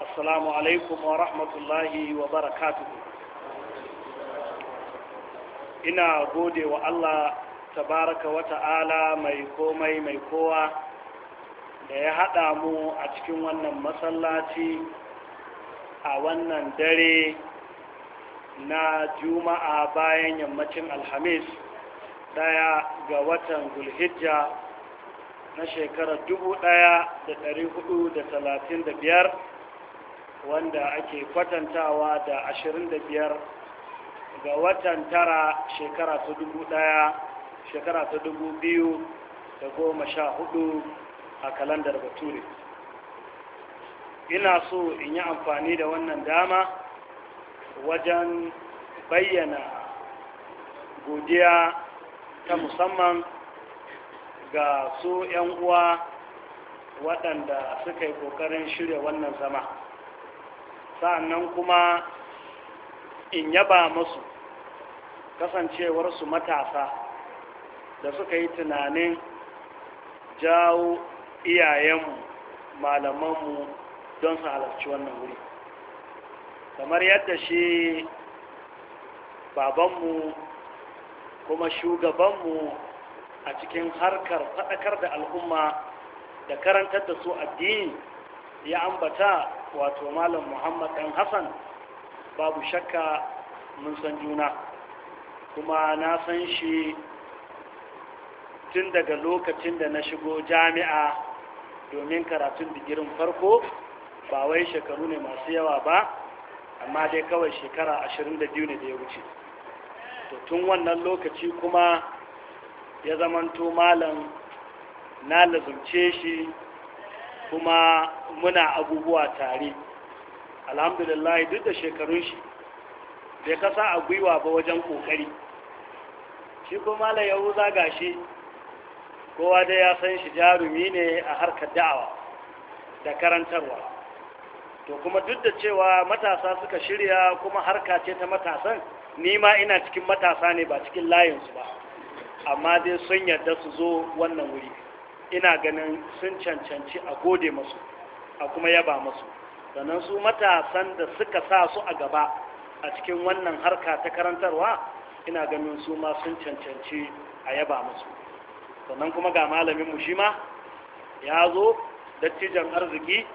assalamu alaikum wa rahmatullahi wa barakatuhu ina gode wa Allah tabaraka wa ta'ala mai komai mai kowa da ya haɗa mu a cikin wannan masallaci a wannan dare na juma'a bayan yammacin alhamis daya ga watan gulhijja na shekarar biyar. wanda ake kwatantawa da 25 ga watan tara shekara ta dubu daya shekara ta dubu biyu da goma sha hudu a kalandar bature ina so in yi amfani da wannan dama wajen bayyana godiya ta musamman ga su 'yan uwa waɗanda suka yi ƙoƙarin shirya wannan zama sa'annan kuma in yaba masu kasancewarsu matasa da suka yi tunanin jawo iyayenmu malamanmu don su halarci wannan wuri kamar yadda shi babanmu kuma shugabanmu a cikin harkar faɗakar da al'umma da karantar da su addini ya ambata wato malam muhammad dan hassan babu shakka mun san juna kuma na san shi tun daga lokacin da na shigo jami'a domin karatun digirin farko ba wai shekaru ne masu yawa ba amma dai kawai shekara 22 ne da ya wuce to tun wannan lokaci kuma ya zamanto malam na lazumce shi kuma muna abubuwa tare alhamdulillah duk da shekarun shi bai kasa a gwiwa ba wajen kokari shi kuma la yahuza gashi kowa dai ya san shi jarumi ne a harkar da'awa da karantarwa to kuma duk da cewa matasa suka shirya kuma harka ce ta matasan ni ma ina cikin matasa ne ba cikin layinsu ba amma dai sun yarda su zo wannan wuri ina ganin sun cancanci a gode masu a kuma yaba masu sannan su matasan da suka sa su a gaba a cikin wannan harka ta karantarwa ina ganin su ma sun cancanci a yaba masu sannan kuma ga malaminmu shi ma ya zo dattijan arziki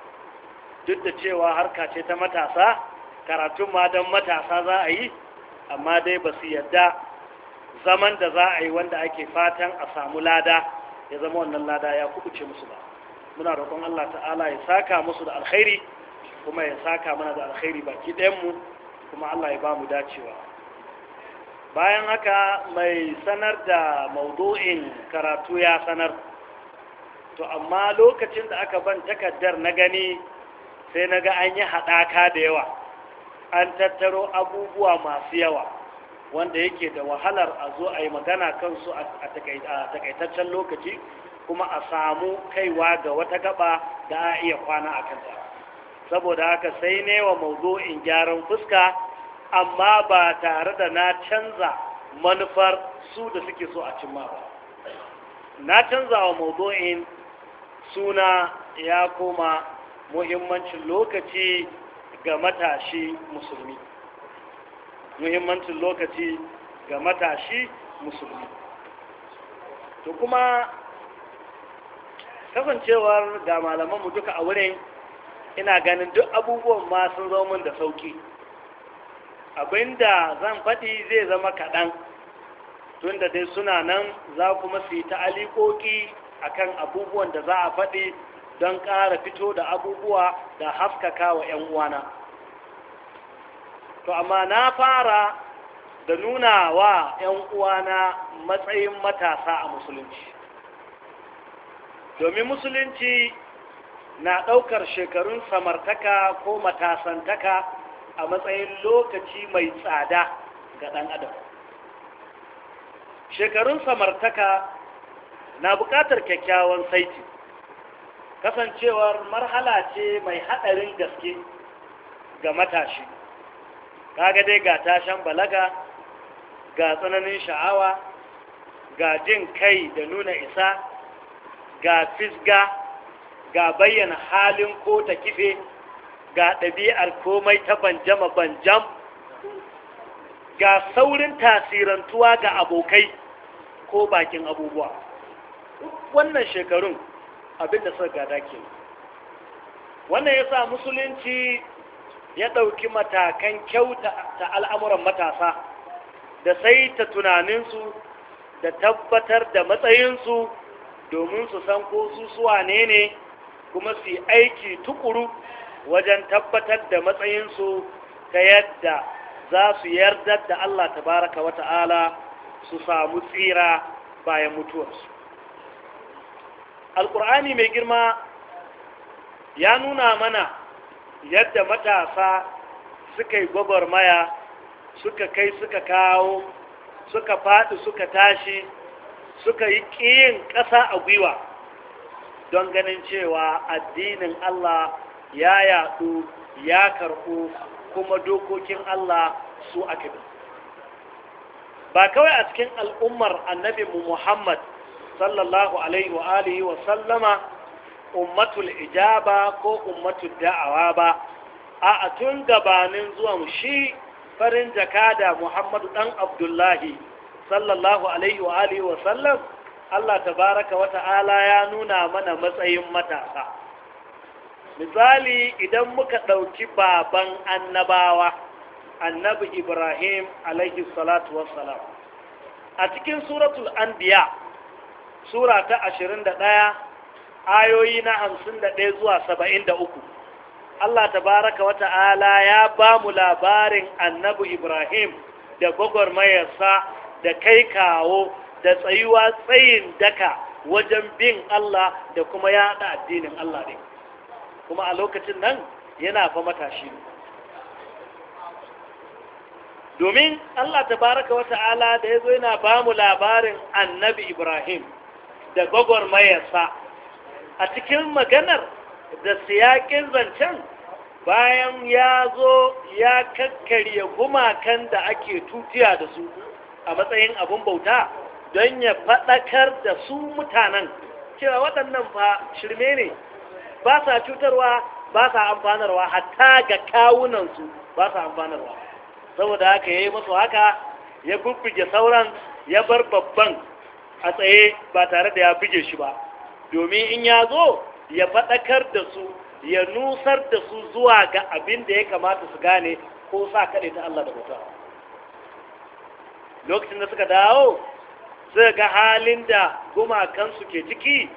duk da cewa harka ce ta matasa karatun ma don matasa za a yi amma dai ba su yadda zaman da za a yi wanda ake fatan a samu lada ya zama wannan lada ya kubuce musu ba muna roƙon Allah ta'ala ya saka musu da alkhairi kuma ya saka mana da alkhairi baki ɗayan mu kuma Allah ya ba mu dacewa bayan haka mai sanar da maudu'in karatu ya sanar to amma lokacin da aka ban takaddar na gani sai na ga an yi haɗaka da yawa an tattaro abubuwa masu yawa wanda yake da wahalar a zo a yi magana kansu a takaitaccen lokaci kuma a samu kaiwa ga wata gaba da a iya kwana a kanta saboda haka sai ne wa mawdu'in gyaran fuska amma ba tare da na canza manufar su da suke so a cimma ba na canza wa mawdu'in suna ya koma muhimmancin lokaci ga matashi musulmi muhimmancin lokaci ga matashi musulmi to kuma kasancewar ga malamanmu duka a wurin ina ganin duk abubuwan ma sun zo min da sauki abinda zan faɗi zai zama kaɗan tunda dai suna nan za kuma su yi ta'alikoki a akan abubuwan da za a faɗi don ƙara fito da abubuwa da haskaka wa 'yan uwana to amma na fara da nuna wa 'yan uwana matsayin matasa a musulunci domin musulunci na ɗaukar shekarun samartaka ko matasantaka a matsayin lokaci mai tsada ga ɗan adam shekarun samartaka na buƙatar kyakkyawan saiti kasancewar marhala ce mai haɗarin gaske ga matashi kaga dai ga tashan balaga ga tsananin sha'awa ga jin kai da nuna isa ga fisga ga bayyana halin ko ta kife ga ɗabi'ar komai ta banjama-banjam ga saurin tasirantuwa ga abokai ko bakin abubuwa wannan shekarun abinda suka gada ke wannan ya sa musulunci ya ɗauki matakan kyauta ta al'amuran matasa da sai saita tunaninsu da tabbatar da matsayinsu domin su san ko su suwa ne ne kuma su aiki tukuru wajen tabbatar da matsayinsu ta yadda za su yarda da Allah tabaraka wa ta'ala su samu tsira bayan mutuwarsu. Alƙur'ani mai girma ya nuna mana yadda matasa suka yi gwagwarmaya suka kai suka kawo suka faɗi suka tashi suka yi ƙiyin ƙasa a gwiwa don ganin cewa addinin Allah ya yaɗu ya karɓo, kuma dokokin Allah su aka bi ba kawai a cikin al'ummar annabi Muhammad sallallahu alaihi wa alihi wa sallama ummatul ijaba ko ummatul da'awa ba a tun gabanin zuwan shi farin jakada muhammadu dan abdullahi sallallahu alaihi wa alihi wa sallam Allah tabaraka wa ta'ala ya nuna mana matsayin matasa misali idan muka ɗauki baban annabawa annabi ibrahim alaihi salatu wassalam a cikin suratul anbiya sura ta ɗaya. ayoyi na hamsin da ɗaya zuwa saba'in da uku Allah baraka wa ta'ala ya ba mu labarin annabi Ibrahim da mayarsa da kai kawo da tsayuwa tsayin daka wajen bin Allah da kuma da addinin Allah ne kuma a lokacin nan yana fa matashi domin Allah tabaraka wa ta'ala da ya zo yana ba mu labarin annabi Ibrahim da Mayasa. a cikin maganar da siyakin zancen bayan ya zo ya kakkarya gumakan da ake tutiya da su a matsayin abin bauta don ya faɗakar da su mutanen cewa waɗannan fa shirme ne ba sa cutarwa ba sa amfanarwa hatta ga kawunansu ba sa amfanarwa saboda haka ya yi masu haka ya bubbuge sauran ya bar babban a tsaye ba tare da ya buge shi ba domin in ya zo ya faɗakar da su ya nusar da su zuwa ga abin da ya kamata su gane ko sa kaɗe ta Allah da mutuwa lokacin da suka dawo suka ga halin da gumakansu ke ciki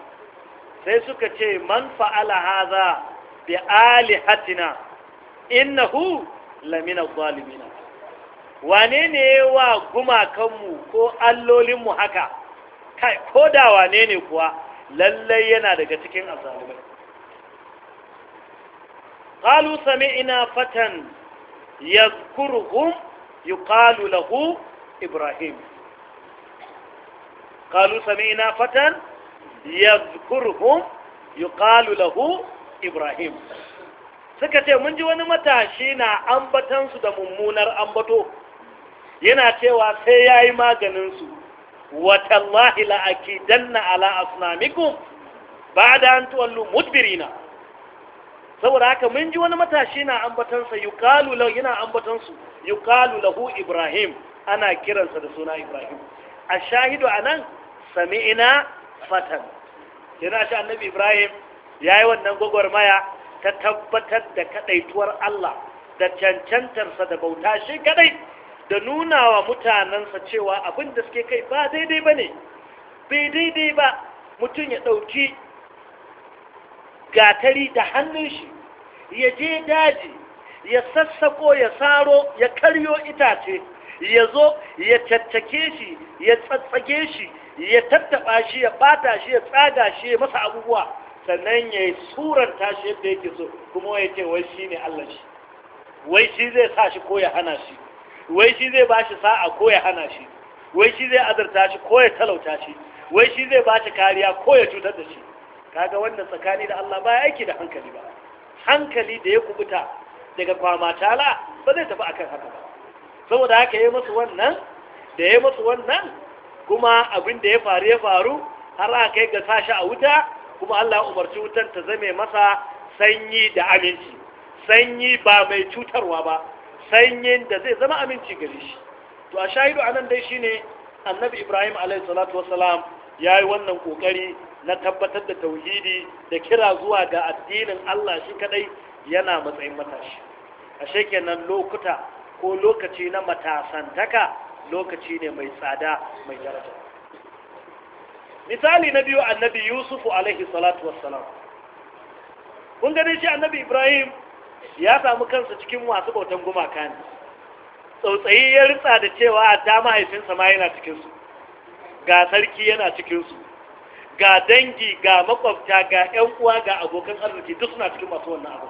sai suka ce man fa'ala haza bi alihatina innahu lamina zalimina wane ne wa gumakanmu ko allolinmu haka kai ko da wane ne kuwa lallai yana daga cikin azalimai qalu sami'na fatan yadhkuruhum yuqalu lahu ibrahim qalu sami'na fatan yadhkuruhum yuqalu lahu ibrahim suka ce mun ji wani matashi na ambatansu da mummunar ambato yana cewa sai yayi yi maganinsu watallahi la'akidanna ala asnamikum ba'da an tuwallu mudbirina saboda haka mun ji wani matashi na ambatansa yuqalu lahu yana ambatansu yuqalu lahu ibrahim ana kiransa da suna ibrahim a shahidu anan sami'ina fatan yana shi annabi ibrahim yayi wannan gwagwarmaya ta tabbatar da kadaituwar Allah da cancantarsa da bauta shi kadai da nuna wa mutanensa cewa abin da suke kai ba daidai ba ne bai daidai ba mutum ya ɗauki gatari da hannun shi ya je daji ya sassako ya saro ya karyo itace ya zo ya caccake shi ya tsatsage shi ya tattaɓa shi ya ɓata shi ya tsaga shi ya masa abubuwa sannan ya yi suranta shi yadda yake so kuma ya ce wai shi ne Allah shi wai shi zai sa shi ko ya hana shi wai shi zai ba shi sa'a ko ya hana shi wai shi zai azarta shi ko ya talauta shi wai shi zai ba shi kariya ko ya cutar da shi kaga wannan tsakani da Allah ba ya aiki da hankali ba hankali da ya kubuta daga kwama tala ba zai tafi akan haka ba saboda haka ya masu wannan da ya masu wannan kuma abin da ya faru ya faru har a kai ga sashi a wuta kuma Allah umarci wutar ta zame masa sanyi da aminci sanyi ba mai cutarwa ba sanyin da zai zama aminci gare shi to a shahidu a nan dai shi ne annabi ibrahim alaihissalatu ya yi wannan kokari na tabbatar da tauhidi da kira zuwa ga addinin allah shi kadai yana matsayin matashi ashe nan lokuta ko lokaci na matasantaka lokaci ne mai tsada mai daraja misali na biyu annabi yusufu alaihi kun gani shi annabi ibrahim ya samu kansa cikin masu bautan gumaka ne tsautsayi ya ritsa da cewa a ta mahaifinsa ma yana cikinsu ga sarki yana cikinsu ga dangi ga makwabta ga 'yan uwa ga abokan arziki duk suna cikin masu wannan abu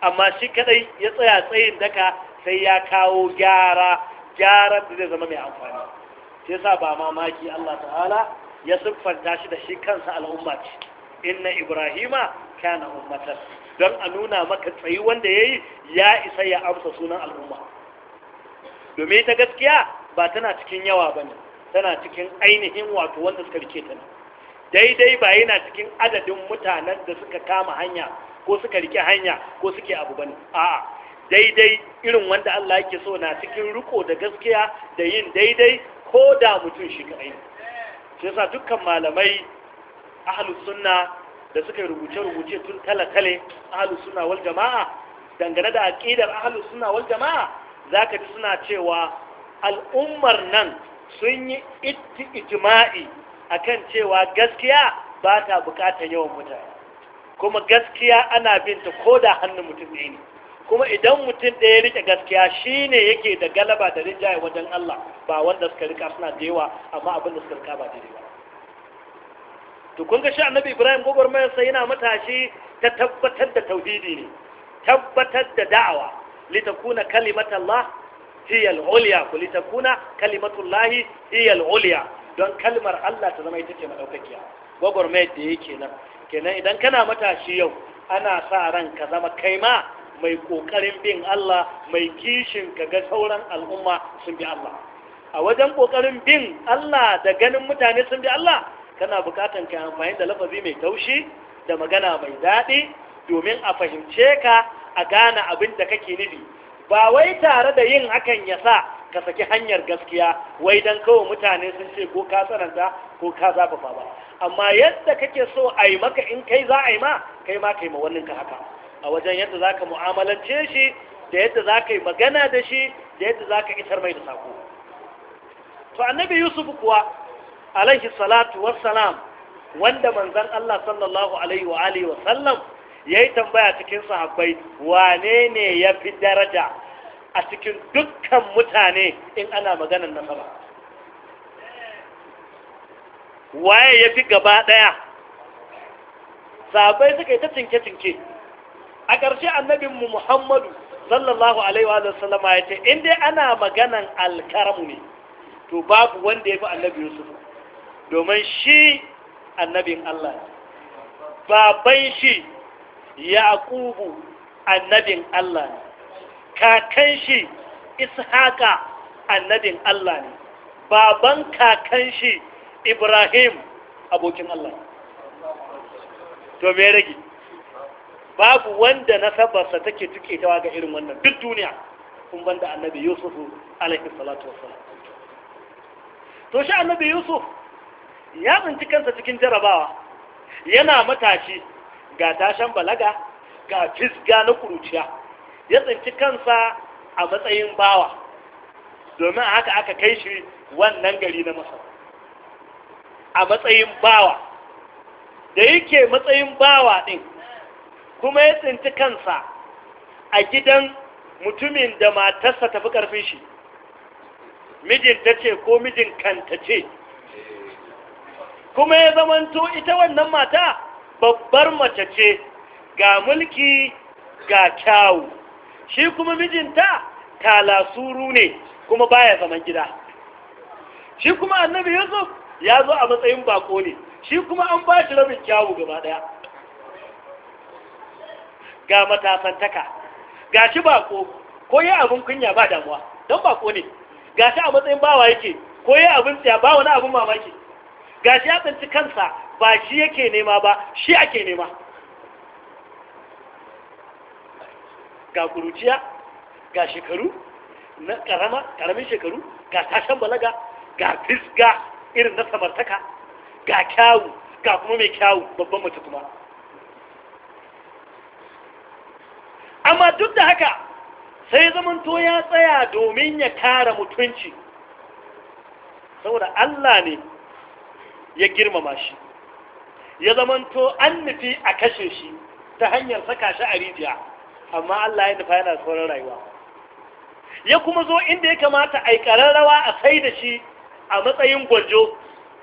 amma shi kadai ya tsaya tsayin daka sai ya kawo gyara gyaran da zai zama mai amfani sai sa ba mamaki Allah ta'ala ya siffanta shi da shi kansa al'umma ce inna ibrahima kana ummatar don a nuna maka tsayi wanda ya yi ya isa ya amsa sunan al'umma domin ta gaskiya ba tana cikin yawa ba ne tana cikin ainihin wato wanda suka rike ta ne daidai ba yana cikin adadin mutanen da suka kama hanya ko suka rike hanya ko suke abu ba ne a'a daidai irin wanda Allah yake so na cikin riko da gaskiya da yin daidai ko da mutum shi aini. shi yasa dukkan malamai ahlus sunna da suka yi rubuce-rubuce tun kala kale ahalus suna wal jama'a dangane da aƙidar ahalus suna wal jama'a za ka ji suna cewa al'ummar nan sun yi a akan cewa gaskiya ba ta bukatar yawan mutane kuma gaskiya ana binta ko da hannun mutum ɗaya ne kuma idan mutum ɗaya rike gaskiya shi ne yake da galaba da rinjaye wajen Allah ba wanda suka rika suna da yawa amma abin da suka rika ba daidai ba to kun ga shi annabi ibrahim sai yana matashi ta tabbatar da tauhidi ne tabbatar da da'awa litakuna kalimatullah hiya al-ulya ku litakuna kalimatullah hiya al-ulya don kalmar Allah ta zama ita ce madaukakiya gwagwarmayar da yake nan kenan idan kana matashi yau ana sa ran ka zama kai ma mai kokarin bin Allah mai kishin ka ga sauran al'umma sun bi Allah a wajen kokarin bin Allah da ganin mutane sun bi Allah kana bukatan ka amfani da lafazi mai taushi da magana mai daɗi domin a fahimce ka a gane abin da kake nufi ba wai tare da yin hakan ya sa ka saki hanyar gaskiya wai don kawai mutane sun ce ko ka tsananta ko ka zafafa ba amma yadda kake so a yi maka in kai za a yi ma kai ma kai ma wannan ka haka a wajen yadda za ka mu'amalance shi da yadda za ka yi magana da shi da yadda za ka isar mai da sako to annabi yusuf kuwa alaihi salatu wassalam wanda manzon Allah sallallahu alaihi wa alihi wa sallam yayi tambaya cikin sahabbai wane ne ya fi daraja a cikin dukkan mutane in ana maganar nasaba waye fi gaba daya sahabbai suka yi ta cinke-cinke a ƙarshe annabinmu muhammadu sallallahu alaihi wa sallama ya ce in dai ana maganan alkaramu ne to babu wanda ya fi annabi yusuf domin shi annabin Allah baban shi yaqubu annabin Allah kakan shi ishaqa annabin Allah ne baban kakan shi ibrahim abokin Allah to me rage babu wanda nasabarsa take tuketawa ga irin wannan duk duniya kun banda annabi yusuf alaihi salatu wassalam to shi annabi yusuf ya tsinci kansa cikin jarabawa yana matashi ga tashan balaga ga fisga na kuruciya ya tsinci kansa a matsayin bawa domin haka aka kai shi wannan gari na masar a matsayin bawa da yake matsayin bawa ɗin kuma ya tsinci kansa a gidan mutumin da matarsa tafi ƙarfin shi mijin ta ce ko mijin kanta ce kuma ya zamanto ita wannan mata babbar mace ce ga mulki ga kyawu shi kuma mijinta talasuru ne kuma baya zaman gida shi kuma annabi yusuf ya zo a matsayin bako ne shi kuma an ba shi rabin kyawu gaba daya ga matasantaka ga shi bako ko yi abin kunya ba damuwa don bako ne ga shi a matsayin bawa yake ko yi abin tsaya ba wani abin mamaki gashi ya tsinci kansa ba shi yake nema ba shi ake nema ga kuruciya ga shekaru na karama karamin shekaru ga tashan balaga ga fisga irin na samartaka ga kyawu ga kuma mai kyawu babban mace kuma amma duk da haka sai zamanto ya tsaya domin ya kara mutunci saboda Allah ne ya girmama shi ya zamanto an nufi a kashe shi ta hanyar saka shi a rijiya amma Allah ya nufa yana sauran rayuwa ya kuma zo inda ya kamata a yi rawa a sai da shi a matsayin gwajo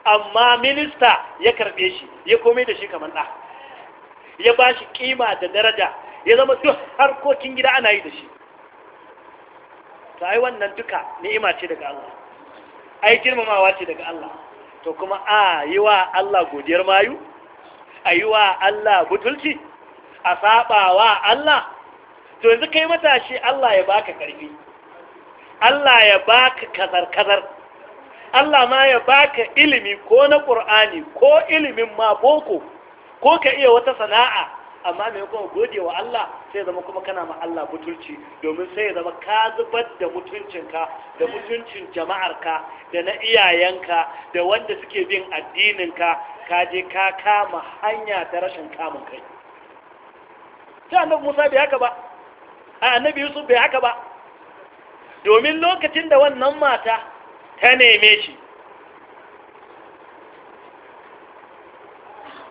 amma minista ya karɓe shi ya komai da shi kamar ɗa ya ba shi ƙima da daraja ya zama duk harkokin gida ana yi da shi ta ai wannan duka ni'ima ce daga Allah ai girmamawa ce daga Allah to kuma a yi wa Allah godiyar mayu a yi wa Allah butulci a saba wa Allah to yanzu kai matashi Allah ya baka karfi Allah ya baka kazar-kazar Allah ma ya baka ilimi ko na ƙur'ani ko ilimin ma boko ko ka iya wata sana'a amma mai kuma gode wa Allah sai zama kuma kana ma Allah mutunci domin sai ya zama ka zubar da mutuncinka da mutuncin jama'arka da na iyayenka da wanda suke bin addininka ka je ka kama hanya ta rashin kamun kai sai annabi Musa bai haka ba annabi Yusuf bai haka ba domin lokacin da wannan mata ta neme shi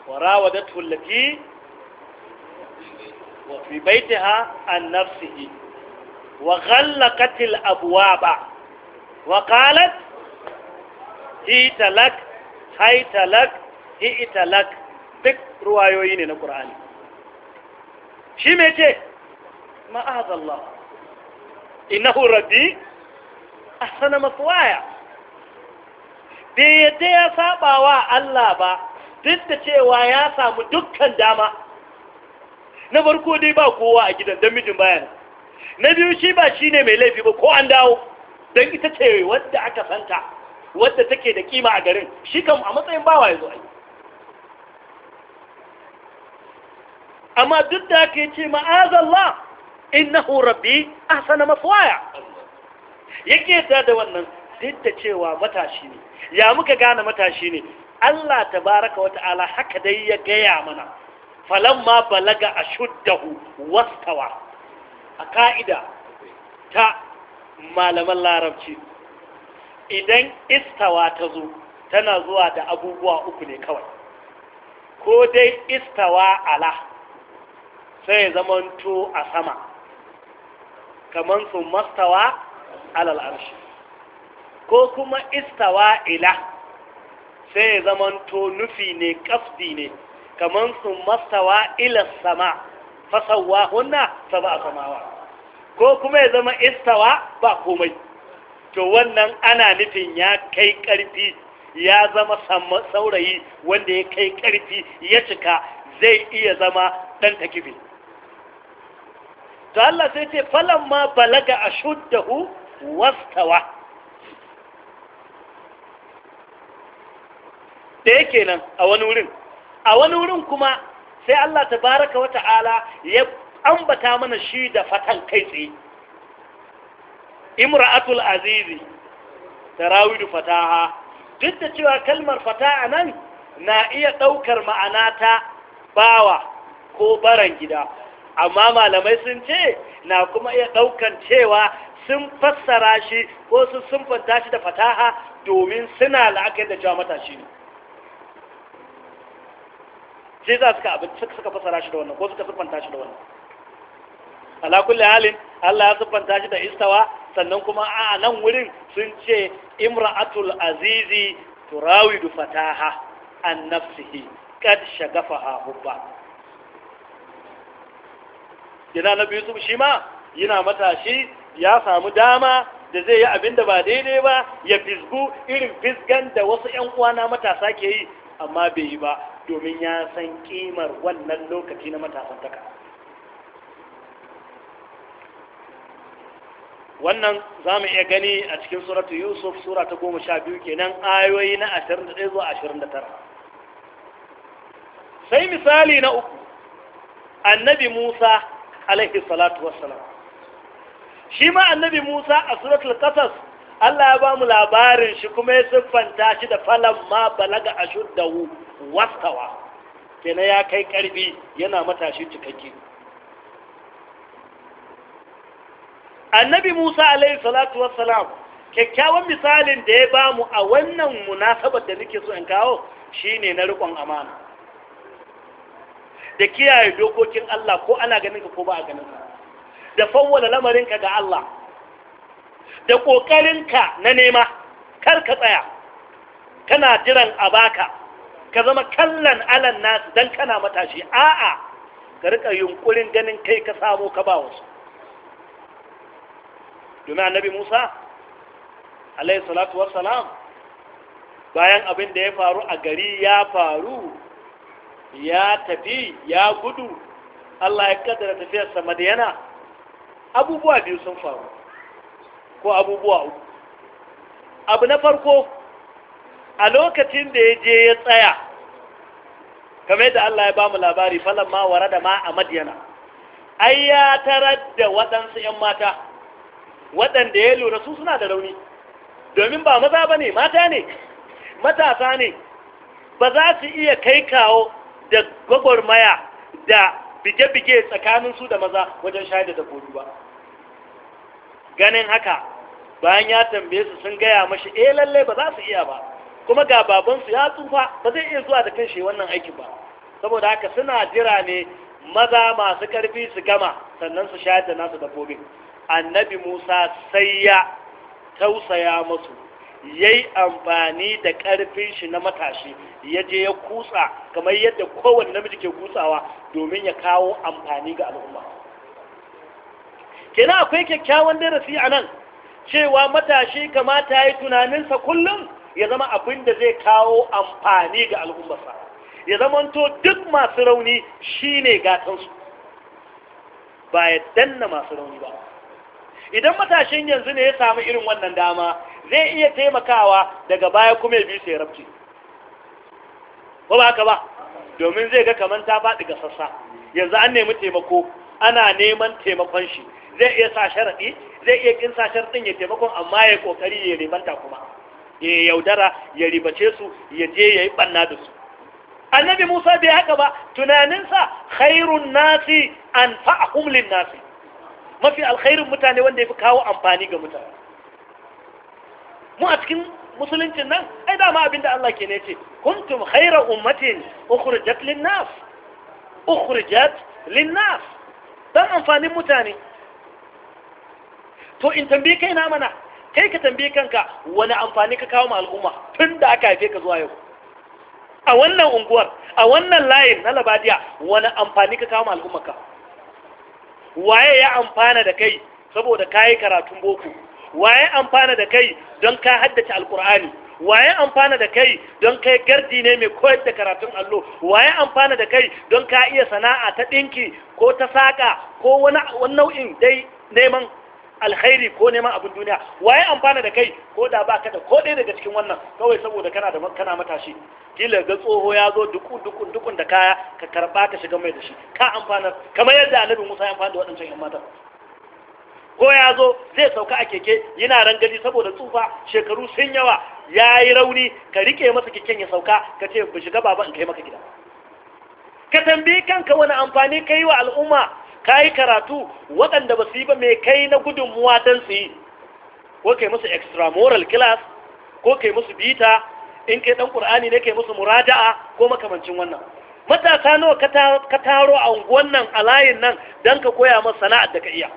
warawadatu allati وفي بيتها عن نفسه وغلقت الأبواب وقالت هيت لك هيت لك هيت لك duk ruwayoyi ne na ƙur'ani shi mai ce ma'azallah innahu rabbi ahsana maswaya bai ya saba wa Allah ba duk da cewa ya samu dukkan dama na farko dai ba kowa a gidan don mijin bayan na biyu shi ba shi ne mai laifi ba ko an dawo don ita ce wadda aka santa wadda take da kima a garin shi kam a matsayin bawa ya zo yi amma duk da aka ce ma'azallah innahu rabbi sana mafwaya yake ta da wannan duk da cewa matashi ne ya muka gane matashi ne Allah Ta baraka wata wata'ala haka dai ya gaya mana falamma balaga a shuddahu wastawa a ka'ida ta malaman larabci idan istawa ta zo tana zuwa da abubuwa uku ne kawai ko dai istawa ala sai zamanto a sama kamar su mastawa alal arshi ko kuma istawa ila sai zamanto nufi ne kafdi ne kaman sun mastawa ila sama fasawa hunna saba a samawa ko kuma ya zama istawa ba komai to wannan ana nufin ya kai ƙarfi ya zama saurayi wanda ya kai ƙarfi ya cika zai iya zama ɗan takibi to Allah sai ce falan ma balaga a shuddahu wastawa da yake nan a wani wurin a wani wurin kuma sai Allah Ta baraka wa ta'ala ya ambata mana shi da fatan kai tsaye imra'atul azizi tarawidu fataha duk da cewa kalmar fataha nan na iya ɗaukar ma'ana ta bawa ko baran gida amma malamai sun ce na kuma iya ɗaukan cewa sun fassara shi ko sun sunfanta shi da fataha domin suna la'akari da cewa matashi ne sai za suka abin suka fasara shi da wannan ko suka siffanta shi da wannan ala halin Allah ya siffanta shi da istawa sannan kuma a nan wurin sun ce imra'atul azizi turawidu fataha an nafsihi kad shagafaha hubba yana nabi Yusuf shi ma yana matashi ya samu dama da zai yi abin da ba daidai ba ya fisgu irin fisgan da wasu 'yan na matasa ke yi amma bai yi ba domin ya san kimar wannan lokaci na matasantaka wannan za mu iya gani a cikin suratu yusuf sura ta goma sha biyu kenan ayoyi na ashirin da ɗaya zuwa ashirin da tara sai misali na uku annabi musa alaihi salatu wassalam shi ma annabi musa a suratul qasas Allah ya ba mu labarin shi kuma ya siffanta shi da falon ma balaga a shuddahu wastawa kenan ya kai karbi yana matashi cikakke annabi musa alaihi salatu wassalam kyakkyawan misalin da ya ba mu a wannan munasabar da nake so in kawo shine na riƙon amana da kiyaye dokokin Allah ko ana ganin ka ko ba a ganin ka da fawwala lamarinka ga Allah da ƙoƙarinka na nema kar ka tsaya kana jiran a baka ka zama kallon alan nasu don kana matashi a'a ka riƙa yunkurin ganin kai ka samu ka ba wasu domin annabi musa alayhi salatu wassalam bayan abin da ya faru a gari ya faru ya tafi ya gudu allah ya kaddara tafiyarsa madiyana abubuwa biyu sun faru ko abubuwa uku abu na farko a lokacin da ya je ya tsaya kamar yadda Allah ya ba mu labari falon ma wara da ma a madiyana ai ya tarar da waɗansu 'yan mata waɗanda ya lura su suna da rauni domin ba maza ba ne mata ne matasa ne ba za su iya kai kawo da gwagwarmaya da bige-bige tsakanin su da maza wajen shaida da dabbobi ba ganin haka bayan ya tambaye su sun gaya mashi eh lalle ba za su iya ba kuma ga babansu ya tsufa ba zai iya zuwa da kanshi wannan aikin ba saboda haka suna jira ne maza masu karfi su gama sannan su shayar da nasu dabbobin annabi musa sai ya tausaya musu yayi amfani da karfin shi na matashi ya je ya kusa kamar yadda kowanne namiji ke kusawa domin ya kawo amfani ga al'umma kenan akwai kyakkyawan darasi a nan cewa matashi kamata ya yi tunaninsa kullum ya zama abin da zai kawo amfani ga al'ummarsa ya zamanto duk masu rauni shi ne gatansu ba ya danna masu rauni ba idan matashin yanzu ne ya samu irin wannan dama zai iya taimakawa daga baya kuma ya bi sai rabci ba ba ka ba domin zai ga kamar ta faɗi ga sassa yanzu an nemi taimako ana neman taimakon shi zai iya sa sharaɗi zai iya kin sa sharaɗin ya taimakon amma ya kokari ya ribanta kuma ya yaudara ya ribace su ya je ya yi ɓanna da su annabi musa bai haka ba tunaninsa khairun nasi an fa'ahum lin nasi mafi alkhairin mutane wanda ya fi kawo amfani ga mutane mu a cikin musuluncin nan ai dama abinda Allah ke ne ce kuntum khaira ummatin ukhrijat lin nas ukhrijat lin nas don amfanin mutane to in tambaye kai na mana kai ka tambaye kanka wani amfani ka kawo ma al'umma tun da aka haife ka zuwa yau a wannan unguwar a wannan layin na labadiya wani amfani ka kawo ma al'umma ka waye ya amfana da kai saboda kayi karatun boko waye amfana da kai don ka haddace alkur'ani waye amfana da kai don kai gardi ne mai koyar da karatun allo waye amfana da kai don ka iya sana'a ta ɗinki ko ta saƙa ko wani nau'in dai neman alkhairi ko neman abin duniya waye amfana da kai ko da ba ka da ko ɗaya daga cikin wannan kawai saboda kana da kana matashi kila ga tsoho ya zo dukun dukun dukun da kaya ka karɓa ka shiga mai da shi ka amfana kamar yadda annabi musa ya amfana da waɗancan yan ko ya zo zai sauka a keke yana rangaji saboda tsufa shekaru sun yawa ya yi rauni ka rike masa keken ya sauka ka ce ku shiga baba in kai maka gida ka tambayi kanka wani amfani ka yi wa al'umma ka yi karatu waɗanda ba su yi ba mai kai na gudunmuwa don su yi ko kai musu extramural class ko kai musu bita in kai ɗan ƙur'ani ne kai musu muraja'a ko makamancin wannan matasa nawa ka taro a unguwan nan a layin nan don ka koya masa sana'ar da ka iya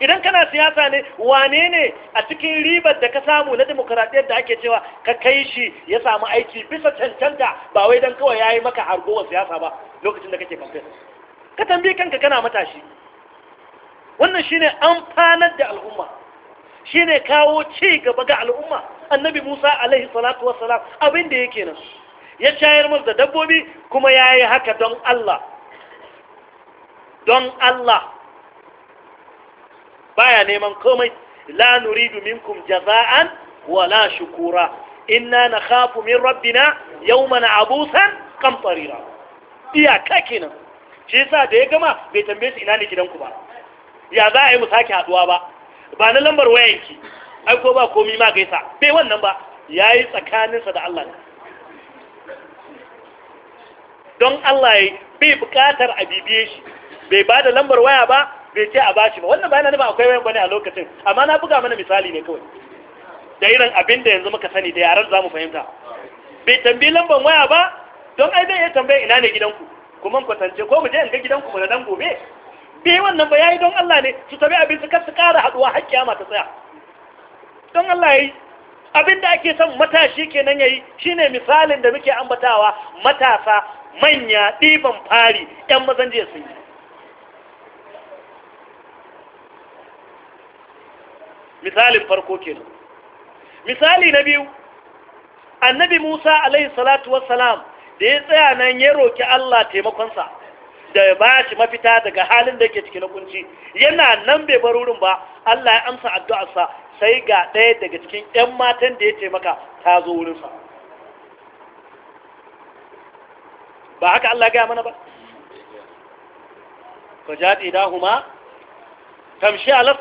idan kana siyasa ne wane ne a cikin ribar da ka samu na demokaradiyyar da ake cewa ka kai shi ya samu aiki bisa cancanta ba wai don kawai ya yi maka hargowar siyasa ba lokacin da kake kamfe ka tambi kanka kana matashi wannan shine amfanar da al'umma shine kawo ci gaba ga al'umma annabi musa alaihi salatu wassalam abin da yake nan ya shayar musu da dabbobi kuma ya yi haka don allah don allah baya neman komai la nuridu minkum jaza'an wala shukura inna nakhafu min rabbina yawman abusan qamtarira iyaka kenan shi yasa da ya gama bai tambaye su ina ne gidanku ba ya za a yi mu sake haduwa ba ba na lambar ki ai ko ba komai ma gaisa bai wannan ba yayi tsakaninsa da Allah don Allah ya bai bukatar a bibiye shi bai ba da lambar waya ba bai ce a bashi ba wannan bayan nufin akwai wayan bane a lokacin amma na buga mana misali ne kawai da irin abin da yanzu muka sani da yaran zamu fahimta bai tambi lambar waya ba don ai zai iya tambaya ina ne gidanku kuma kwatance ko mu je in ga gidanku mu da dan gobe bai wannan ba yayi don Allah ne su tabi abin su kar su kara haduwa har kiyama ta tsaya don Allah yayi abin da ake son matashi kenan yayi shine misalin da muke ambatawa matasa manya ɗiban fari 'yan mazan jiya sun yi misalin farko kenan misali na biyu annabi Musa alaihi salatu wassalam da ya tsaya nan ya roki Allah taimakonsa da ya bashi mafita daga halin da yake cikin kunci yana nan bai bar wurin ba Allah ya amsa addu'arsa sai ga ɗaya daga cikin yan matan da ya taimaka ta zo wurinsa ba haka Allah gaya mana ba fajat huma tamshi ala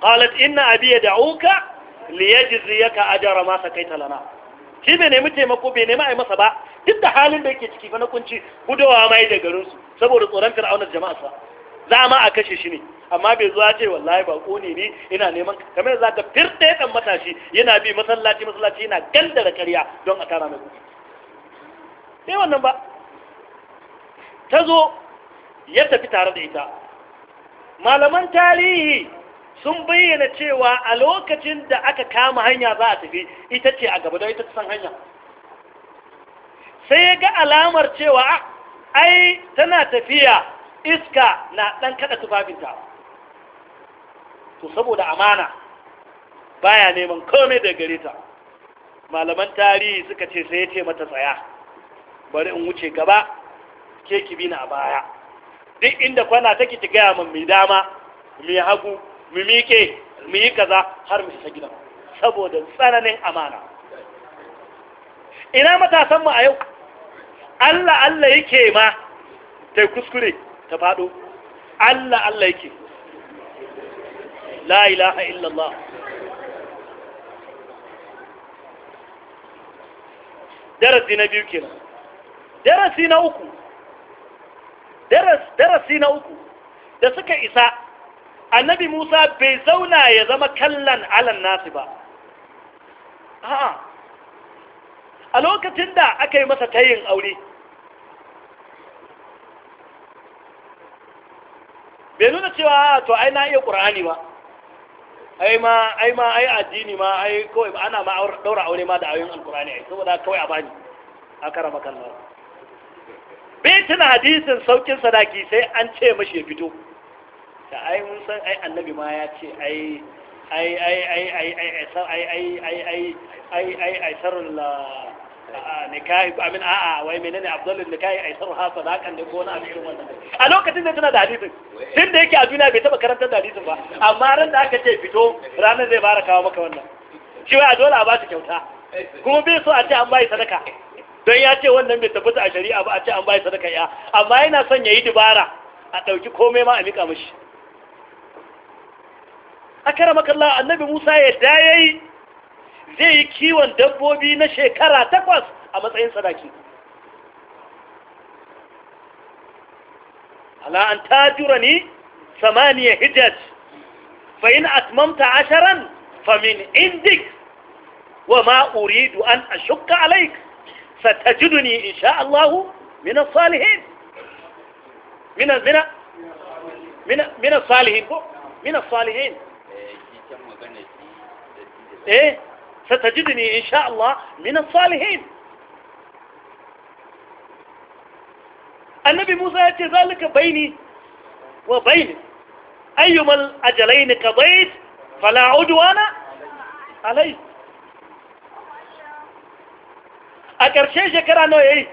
qalat inna abi yad'uka liyajziyaka ajra ma sakaita lana shi bai nemi taimako bai nemi yi masa ba duk da halin da yake ciki fa na kunci gudawa mai da garin su saboda tsoron fir'auna da sa, za ma a kashe shi ne amma bai zuwa ce wallahi ba ne ni ina neman kamar za ka firta dan matashi yana bi masallaci masallaci yana gandara karya don a tara mai kuɗi sai wannan ba ta zo ya tafi tare da ita malaman tarihi sun bayyana cewa a lokacin da aka kama hanya za a tafi ita ce a gaba don ita san hanya sai ya ga alamar cewa ah, ai tana tafiya iska na ɗan kaɗa tufafinta to saboda amana baya neman komai da gare ta malaman tarihi suka ce sai ya ce mata tsaya bari in wuce gaba ke ki a baya duk inda kwana take ki gaya min mai dama mai hagu mu miƙe mu yi kaza har mu isa gida saboda tsananin amana ina matasan mu a yau Allah Allah yake ma ta kuskure ta faɗo Allah Allah yake la ilaha illallah darasi na biyu kenan darasi na uku darasi na uku da suka isa annabi musa bai zauna ya zama kallon alan nasu ba a lokacin da aka yi masa tayin aure bai nuna cewa to ai na iya ƙur'ani ba ai ma ai ma ai addini ma ai kawai ana ma daura aure ma da ayoyin alkur'ani ai saboda kawai a bani a karama kallon bai tuna hadisin saukin sadaki sai an ce mashi ya fito ta ai mun san ai annabi ma ya ce ai ai ai ai ai ai ai ai ai ai ai ai sarrun la nikahi amin a'a wai menene abdullul nikahi ai sarrun ha sadakan da ko na abin wannan a lokacin da tana da hadisin tun da yake a duniya bai taba karantar da hadisin ba amma ran da aka ce fito ranar zai bara kawo maka wannan shi wai a dole a ba shi kyauta kuma bai so a ce an bai sadaka don ya ce wannan bai tabbata a shari'a ba a ce an bai sadaka ya amma yana son ya yi dubara a ɗauki komai ma a miƙa mashi akara makalla annabi musa ya dayayi zai yi kiwon dabbobi na shekara takwas a matsayin sadaki ala an tajura ni samaniya hijjaj fain in atmamta asharan fa min indik wa ma uridu an ashukka alaik satajiduni insha Allah min salihin zina salihin salihin إيه ستجدني إن شاء الله من الصالحين النبي موسى يأتي ذلك بيني وبيني أيما الأجلين قضيت فلا عدوان علي أكرشي شكرا نوعي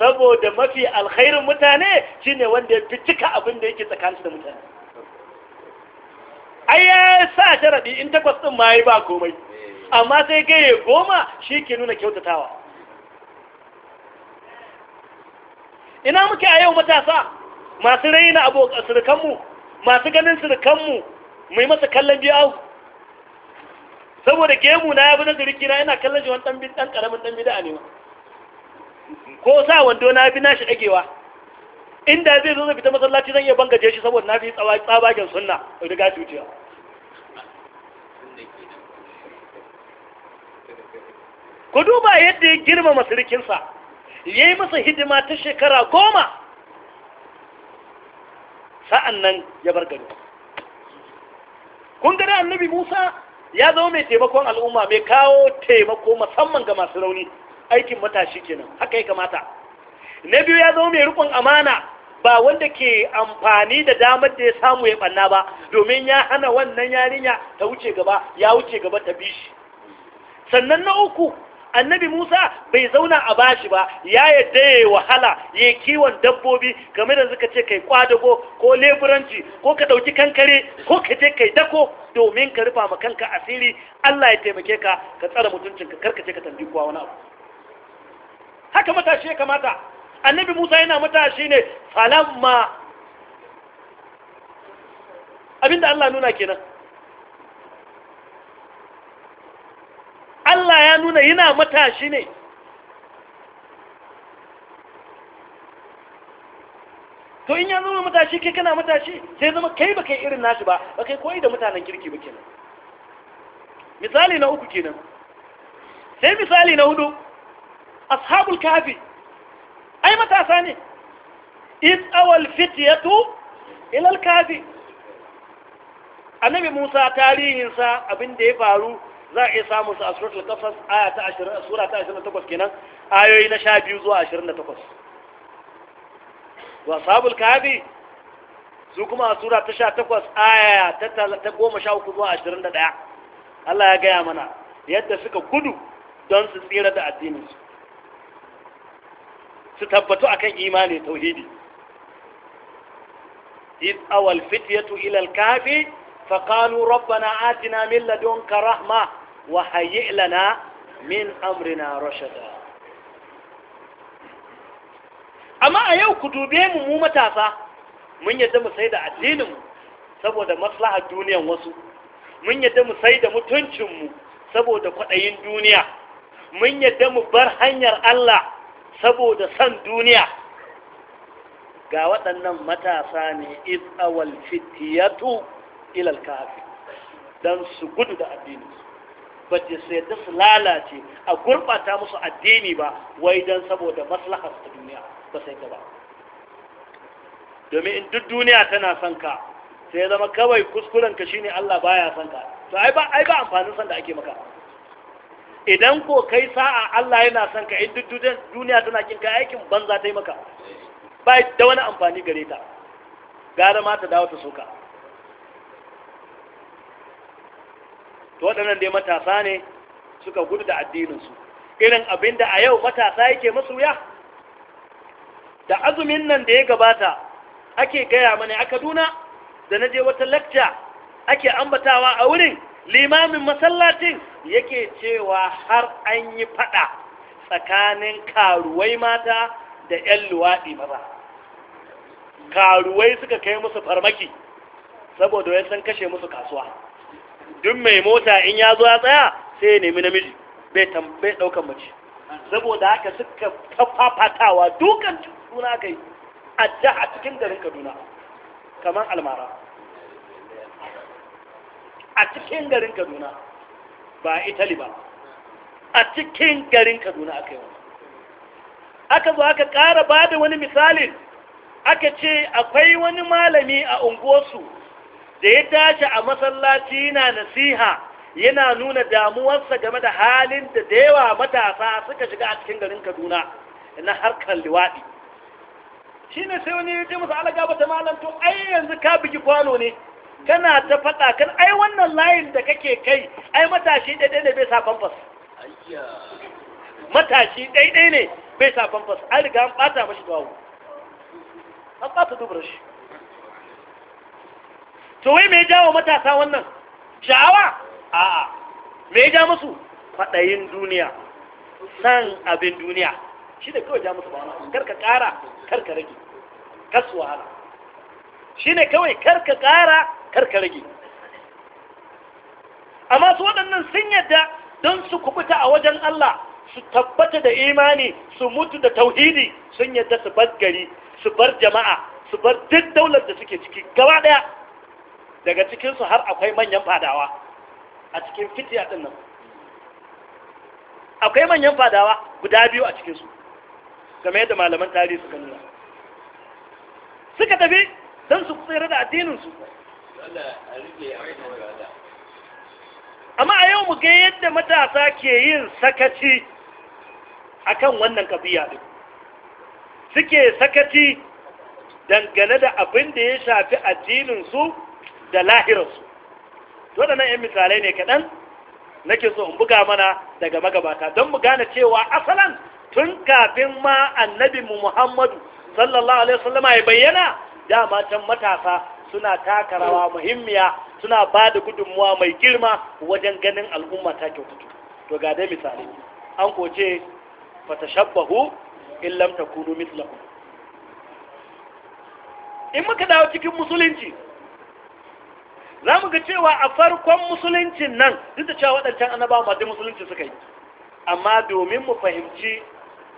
saboda mafi alkhairin mutane shine wanda ya fi cika abin da yake tsakaninsu ai ya sa sharaɗi in takwas ɗin ma ba komai amma sai gaye goma shi ke nuna kyautatawa ina muke a yau matasa masu raina surukanmu masu ganin surukanmu mai masa kallon biyawu saboda gemu na ya bi na zirikina yana kallon shi wani ɗan ƙaramin ɗan bida a nema ko sa wando na bi nashi ɗagewa inda zai zo zai fita masallaci zan iya bangaje shi saboda na fi tsabagen sunna riga zuciya ku duba yadda ya girmama sirikinsa ya yi masa hidima ta shekara goma sa'an nan ya bar gado kun gani annabi musa ya zama mai taimakon al'umma mai kawo taimako musamman ga masu rauni aikin matashi kenan haka ya kamata na biyu ya zama mai rufin amana ba wanda ke amfani da damar da ya samu ya ɓanna ba domin ya hana wannan yarinya ta wuce gaba ya wuce gaba ta bi shi sannan na uku annabi musa bai zauna a bashi ba ya yadda ya yi wahala ya kiwon dabbobi game da suka ce kai kwadago ko leburanci ko ka ɗauki kankare ko ka je kai dako domin ka rufa ma kanka asiri allah ya taimake ka ka tsara mutuncinka karka ce ka tambi kowa wani abu haka matashi ya kamata annabi musa yana matashi ne falamma abinda allah nuna kenan allah ya nuna yana matashi ne to in ya nuna matashi kai kana matashi sai zama kai ba kai irin nashi ba ba kai koyi da mutanen kirki ba kenan misali na uku kenan sai misali na hudu ashabul kafi ai matasa ne iz awal fityatu ila al-kafi annabi Musa tarihinsa abin da ya faru za a isa musu a suratul qasas aya ta 20 sura ta 28 kenan ayoyi na 12 zuwa 28 wa sabul kafi su kuma a sura ta 18 aya ta 13 zuwa 21 Allah ya gaya mana yadda suka gudu don su tsira da addininsu su tabbatu akan imani tauhidi iz awal fityatu ila al-kafi fa qalu rabbana atina min ladunka rahma wa hayyi' lana min amrina rashada amma a yau ku dube mu mu matasa mun yadda mu sai da addinin saboda maslahar duniyan wasu mun yadda mu sai da mutuncin mu saboda kwaɗayin duniya mun yadda mu bar hanyar Allah saboda san duniya ga waɗannan matasa ne iz awal fitiyatu ilal kafi don su gudu da addini ba ce sai da su lalace a gurɓata musu addini ba wai don saboda maslahar ta duniya ba sai ta ba domin in duk duniya tana son ka sai zama kawai kuskuren ka shine Allah baya son ka to ai ba ai ba amfanin son da ake maka idan ko kai sa'a Allah yana son ka yi duk duniya tana kin ka aikin banza ta yi maka ba da wani amfani gare ta gara ma ta dawo ta soka to waɗannan dai matasa ne suka gudu da addininsu irin abinda a yau matasa yake masu wuya da azumin nan da ya gabata ake gaya mana a kaduna da na je wata lakca ake ambatawa a wurin limamin masallacin yake cewa har an yi fada tsakanin karuwai mata da 'yan luwaɗi maza karuwai suka kai musu farmaki saboda wai sun kashe musu kasuwa duk mai mota in ya zo ya tsaya sai ya nemi namiji bai ɗaukan mace saboda haka suka fafatawa dukan suna kai a a cikin garin kaduna kamar almara a cikin garin kaduna ba italy ba a cikin garin kaduna aka yi aka zo aka ƙara ba da wani misalin aka ce akwai wani malami a unguwarsu da ya tashi a masallaci yana nasiha yana nuna damuwarsa game da halin da da yawa matasa suka shiga a cikin garin kaduna na harkar liwaɗi shi ne sai wani ya ce musu alaga ta malam to ai yanzu ka bugi kwano ne kana ta faɗa kan ai wannan layin da kake kai ai matashi daidai ne bai sa famfas matashi daidai ne bai sa famfas an riga an ɓata mashi bawu an ɓata dubar shi to wai me jawo matasa wannan sha'awa a'a me ya ja musu faɗayin duniya san abin duniya shi da kawai ja musu ba karka ƙara karka rage kasuwa shi ne kawai karka ƙara karka rage amma su waɗannan sun yadda don su kubuta a wajen Allah su tabbata da imani su mutu da tauhidi sun yadda su bar gari su bar jama'a su bar duk daular da suke ciki gaba ɗaya daga cikinsu har akwai manyan fadawa a cikin fitiya ɗin nan akwai manyan fadawa guda biyu a cikinsu game da malaman tarihi suka nuna suka tafi don su tsere da addininsu amma a yau mu ga yadda matasa ke yin sakaci akan wannan kabiya ɗin suke sakaci dangane da abin da ya shafi addininsu da lahirarsu waɗannan 'yan misalai ne kaɗan nake so in buga mana daga magabata don mu gane cewa asalan tun kafin ma annabi muhammadu sallallahu alaihi wasallama ya bayyana dama can matasa suna taka rawa muhimmiya suna ba da gudunmuwa mai girma wajen ganin al'umma ta kyautatu to ga dai misali an koce shabbahu in lam takunu mithlahu in muka dawo cikin musulunci za mu ga cewa a farkon musuluncin nan duk da cewa waɗancan annabawa masu musulunci suka yi amma domin mu fahimci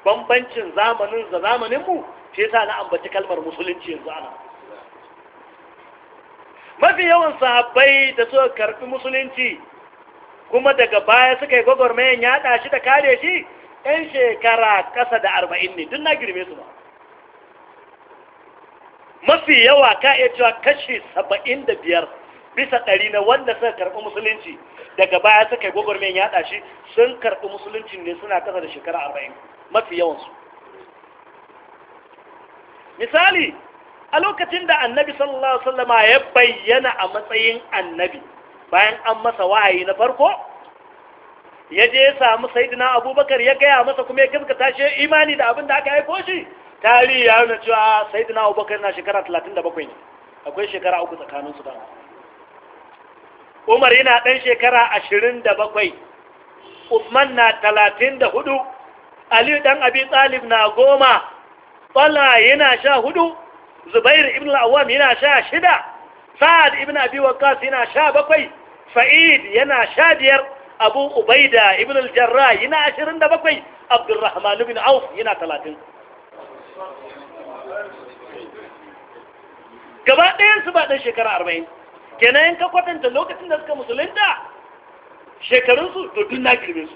bambancin zamanin da zamaninmu shi yasa na ambaci kalmar musulunci yanzu ana mafi yawan sahabbai da suka karfi musulunci kuma daga baya suka yi gwagwarmayan yaɗa shi da kare shi ‘yan shekara ƙasa da arba'in ne duk na girme su ba mafi yawa ka iya cewa kashi saba'in da biyar bisa ɗari na wanda suka karɓi musulunci daga baya suka yi gwagwarmayan yaɗa shi sun karɓi musulunci ne suna ƙasa da shekara arba'in mafi yawansu misali a lokacin da annabi sallallahu alaihi wasallama ya bayyana a matsayin annabi bayan an masa wahayi na farko ya je ya samu saidina abubakar ya gaya masa kuma ya gaskata shi imani da abin da aka haifo shi tarihi ya nuna cewa saidina abubakar na shekara 37 ne akwai shekara uku tsakanin su da umar yana dan shekara 27 usman na 34 ali dan abi talib na goma Tsala yana sha hudu zubair ibn al-awwam yana sha shida sa'ad ibn abi waqqas yana sha bakwai Fa'id yana sha biyar abu ubaida ibn al jarra yana ashirin da bakwai abdurrahman ibn auf yana talatin gaba ɗayansu ba ɗan shekara arba'in kenan ka kwatanta lokacin da suka musulunta shekarunsu to duk na girme su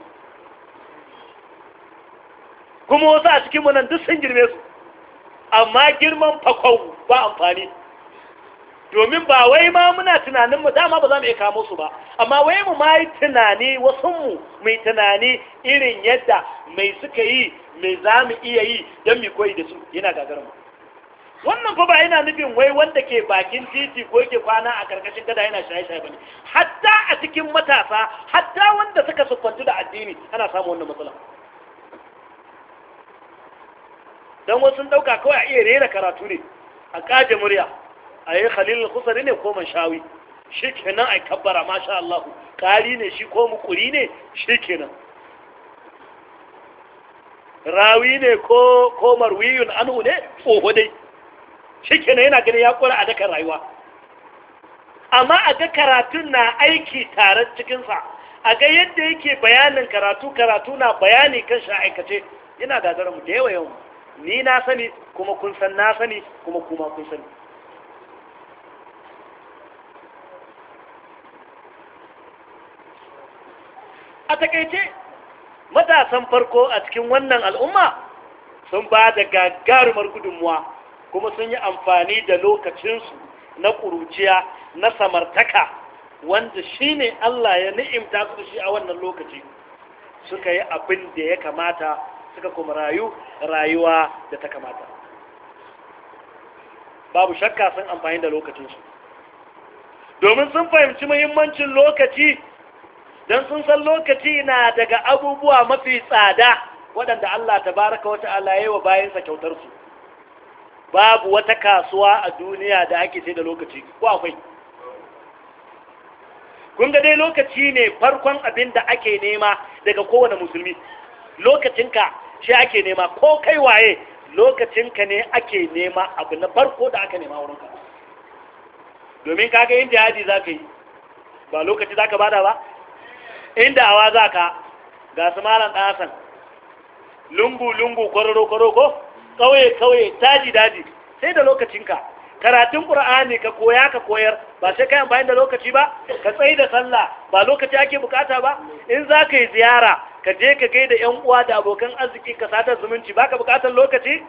kuma wasu a cikin nan duk sun girme su amma girman fakon ba amfani domin ba wai ma muna tunanin mu dama ba za mu iya kamo su ba amma wai mu ma yi tunani mu, mai tunani irin yadda mai suka yi mai za mu iya yi don mu koyi da su yana gagarin mu wannan fa ba yana nufin wai wanda ke bakin titi ko yake kwana a karkashin gada yana shaye-shaye bane hatta a cikin matasa hatta wanda suka suffantu da addini ana samun wannan matsala don wasu ɗauka kawai a iya rera karatu ne a ƙaje murya a yi khalil khusari ne ko shawi shi kenan a kabbara masha Allah ƙari ne shi ko mukuri ne shi kenan rawi ne ko ko marwiyun anhu ne oho dai shi kenan yana ganin ya ƙura a daka rayuwa amma a ga karatun na aiki tare cikinsa a ga yadda yake bayanin karatu karatu na bayani kan shi aikace yana da mu da yawa yawan ni na sani kuma kun san na sani kuma kuma kun sani a takaice matasan farko a cikin wannan al'umma sun ba da gagarumar gudunmuwa kuma sun yi amfani da lokacinsu na ƙuruciya na samartaka wanda shi ne Allah ya ni'imta su shi a wannan lokaci suka yi abin da ya kamata suka kuma rayu rayuwa da ta kamata babu shakka sun amfani da lokacinsu domin sun fahimci muhimmancin lokaci don sun san lokaci na daga abubuwa mafi tsada waɗanda Allah ta baraka wata alaye ya wa bayansa kyautarsu babu wata kasuwa a duniya da ake sai da lokaci ko akwai kun ga dai lokaci ne farkon abin da ake nema daga kowane musulmi lokacinka shi ake nema ko kai waye lokacinka ne ake nema abu na farko da aka nema wurinka domin kaga inda yaji za ka yi ba lokaci za ka bada ba inda awa za ka ga su malam ɗasan lungu-lungu kwararo ko? kawai-kawai daji-daji sai da lokacinka karatun ƙur'ani ka koya ka koyar ba sai kayan bayan da lokaci ba ka tsaye da sallah ba lokaci ake bukata ba in za ka yi ziyara ka je ka gaida yan uwa da abokan arziki ka sadar zumunci ka bukatar lokaci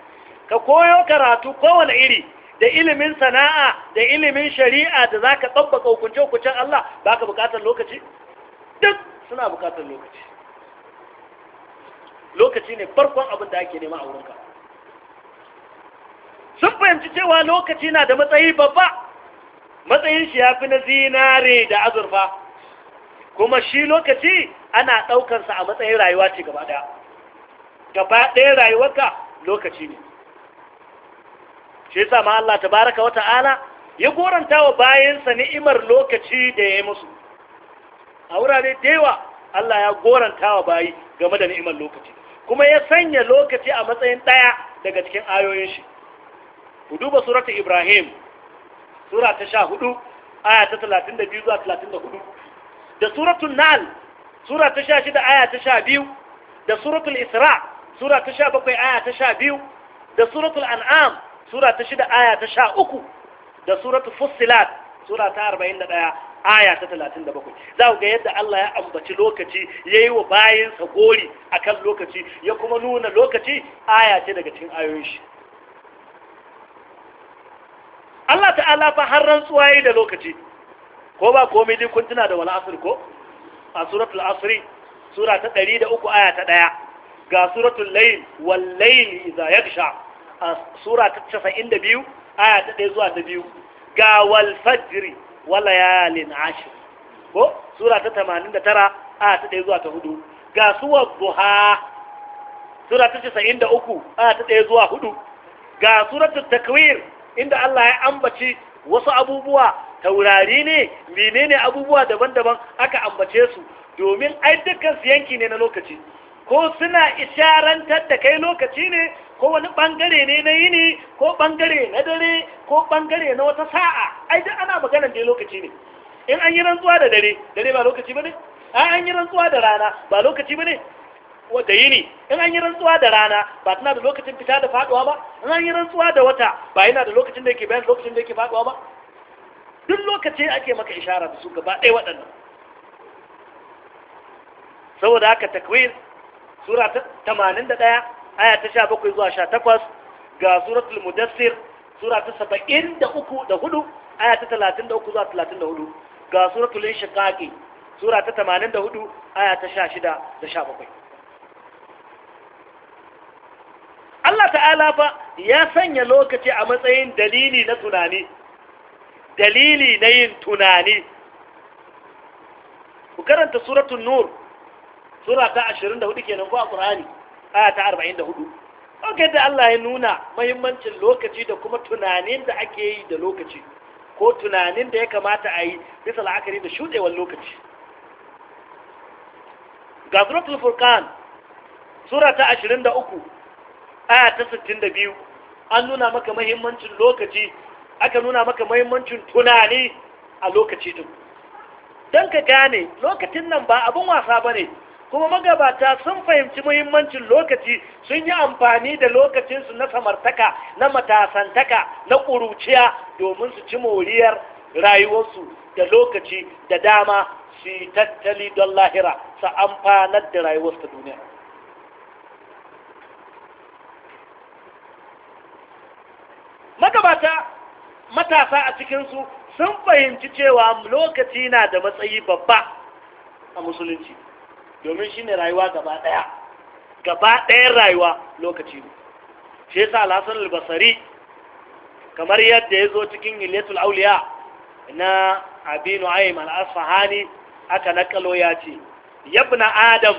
ka koyo karatu kowane iri da ilimin sana'a da ilimin shari'a da za ka tsabbaka hukunce-hukuncen Allah ba ka bukatar lokaci duk suna bukatar lokaci lokaci ne farkon abin da ake nema a wurinka sun fahimci cewa lokaci na da matsayi babba matsayin shi ya fi na zinare da azurfa kuma shi lokaci ana ɗaukansa a matsayin rayuwa ce gaba ɗaya gaba ɗaya rayuwarka lokaci ne shi yasa ma Allah tabaraka wa ta'ala ya goranta wa bayansa ni'imar lokaci da ya yi musu a wurare da yawa Allah ya goranta wa bayi game da ni'imar lokaci kuma ya sanya lokaci a matsayin ɗaya daga cikin ayoyin shi ku duba surata Ibrahim sura ta sha hudu aya ta talatin da biyu zuwa talatin da hudu da suratul nal sura ta shida aya ta biyu. da suratul isra sura ta bakwai aya ta biyu. da suratul an'am sura ta shida aya ta uku da suratul fussilat sura ta ɗaya aya ta bakwai. za ku ga yadda Allah ya ambaci lokaci ya yi wa bayinsa gori kan lokaci ya kuma nuna lokaci aya ce daga cikin ayoyin shi Allah ta'ala fa har rantsuwa da lokaci ko ba komai dai kun tuna da wal asr ko a suratul asr sura ta 103 aya ta 1 ga suratul layl wal layl idha yaghsha a sura ta 92 aya ta 1 zuwa ta 2 ga wal fajr wal layalin ashr ko sura ta 89 aya ta 1 zuwa ta 4 ga suwa duha sura ta 93 aya ta 1 zuwa 4 ga suratul takwir inda Allah ya ambaci wasu abubuwa taurari ne menene abubuwa daban-daban aka ambace su domin ai dukkan su yanki ne na lokaci ko suna isharantar da kai lokaci ne ko wani bangare ne na yini ko bangare na dare ko bangare na wata sa'a ai duk ana maganar da lokaci ne in an yi rantsuwa da dare dare ba lokaci bane an yi rantsuwa da rana ba lokaci bane da yini in an yi rantsuwa da rana ba tana da lokacin fita da faduwa ba in an yi rantsuwa da wata ba yana da lokacin da yake bayan lokacin da yake faduwa ba duk lokacin ake maka ishara da su gaba ɗaya waɗannan saboda haka takwir sura 81 aya ta 17 zuwa 18 ga suratul mudassir sura ta 73 da 4 aya ta 33 zuwa 34 ga suratul inshiqaqi sura ta 84 aya ta 16 da 17 Allah ta'ala fa ya sanya lokaci a matsayin dalili na tunani dalili na yin tunani ku karanta suratun nur sura ta 24 kenan ko a ƙur'ani aya ta 44 ɗauke da Allah ya nuna mahimmancin lokaci da kuma tunanin da ake yi da lokaci ko tunanin da ya kamata a yi bisa la'akari da shuɗewar lokaci ga suratul furqan sura ta 23 aya ta 62 an nuna maka mahimmancin lokaci aka nuna maka mahimmancin tunani a lokaci duk don ka gane lokacin nan ba abin wasa ba ne kuma magabata sun fahimci muhimmancin lokaci sun yi amfani da lokacinsu na samartaka na matasantaka na ƙuruciya domin su ci moriyar rayuwarsu da lokaci da dama su yi tattali don lahira su amfanar da rayuwarsu ta duniya magabata matasa a cikinsu sun fahimci cewa lokaci na da matsayi babba a musulunci domin shi ne rayuwa gaba ɗaya gaba rayuwa lokaci ne shi yasa alhassan albasari kamar yadda ya zo cikin iletul auliya na abinu ayyam al'asfahani aka nakalo ya ce yabna adam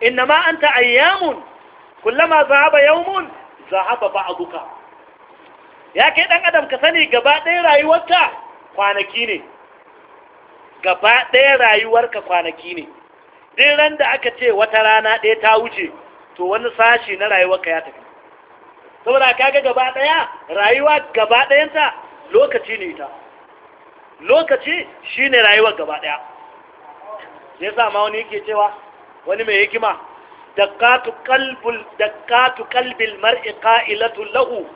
innama anta ayyamun kullama zahaba yawmun zahaba buka ya ke ɗan adam ka sani gaba ɗaya rayuwarka kwanaki ne gaba ɗaya rayuwarka kwanaki ne dai ran da aka ce wata rana ɗaya ta wuce to wani sashi na rayuwarka ya tafi saboda kaga gaba ɗaya rayuwa gaba ɗayanta lokaci ne ita lokaci shi ne rayuwar gaba ɗaya ya sa ma wani yake cewa wani mai hikima dakkatu qalbul dakkatu mar'i qa'ilatul lahu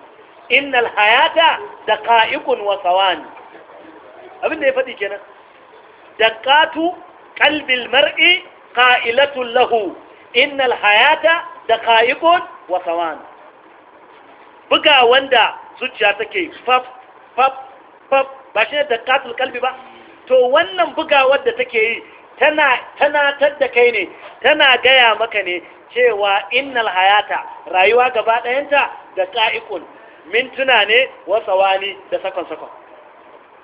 innal hayata da ka'ikun wa sawani abin da ya faɗi kenan daƙatu mar'i ƙa'ilatun lahu innal hayata da ka'ikun wa buga wanda zuciya take faf faf faf ba shi ne kalbi ba to wannan bugawar da take yi tana tanatar da kai ne tana gaya maka ne cewa innal hayata rayuwa gaba ɗayanta da kaikun. mintuna ne wa tsawani da sakon-sakon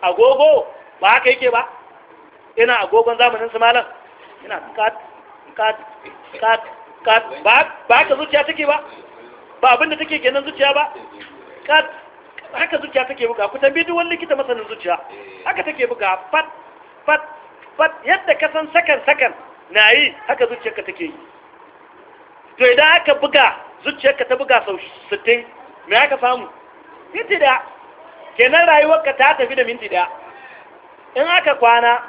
agogo ba haka yake ba ina agogon zamanin su malam ina kat kat kat kat ba haka zuciya take ba ba abinda take kenan zuciya ba kat haka zuciya take buga ku tambi duk wani likita masanin zuciya haka take buga fat fat fat yadda ka san sakan sakan na yi haka zuciyarka take yi to idan aka buga zuciyarka ta buga sau me aka samu minti daya kenan rayuwarka ta tafi da minti daya in aka kwana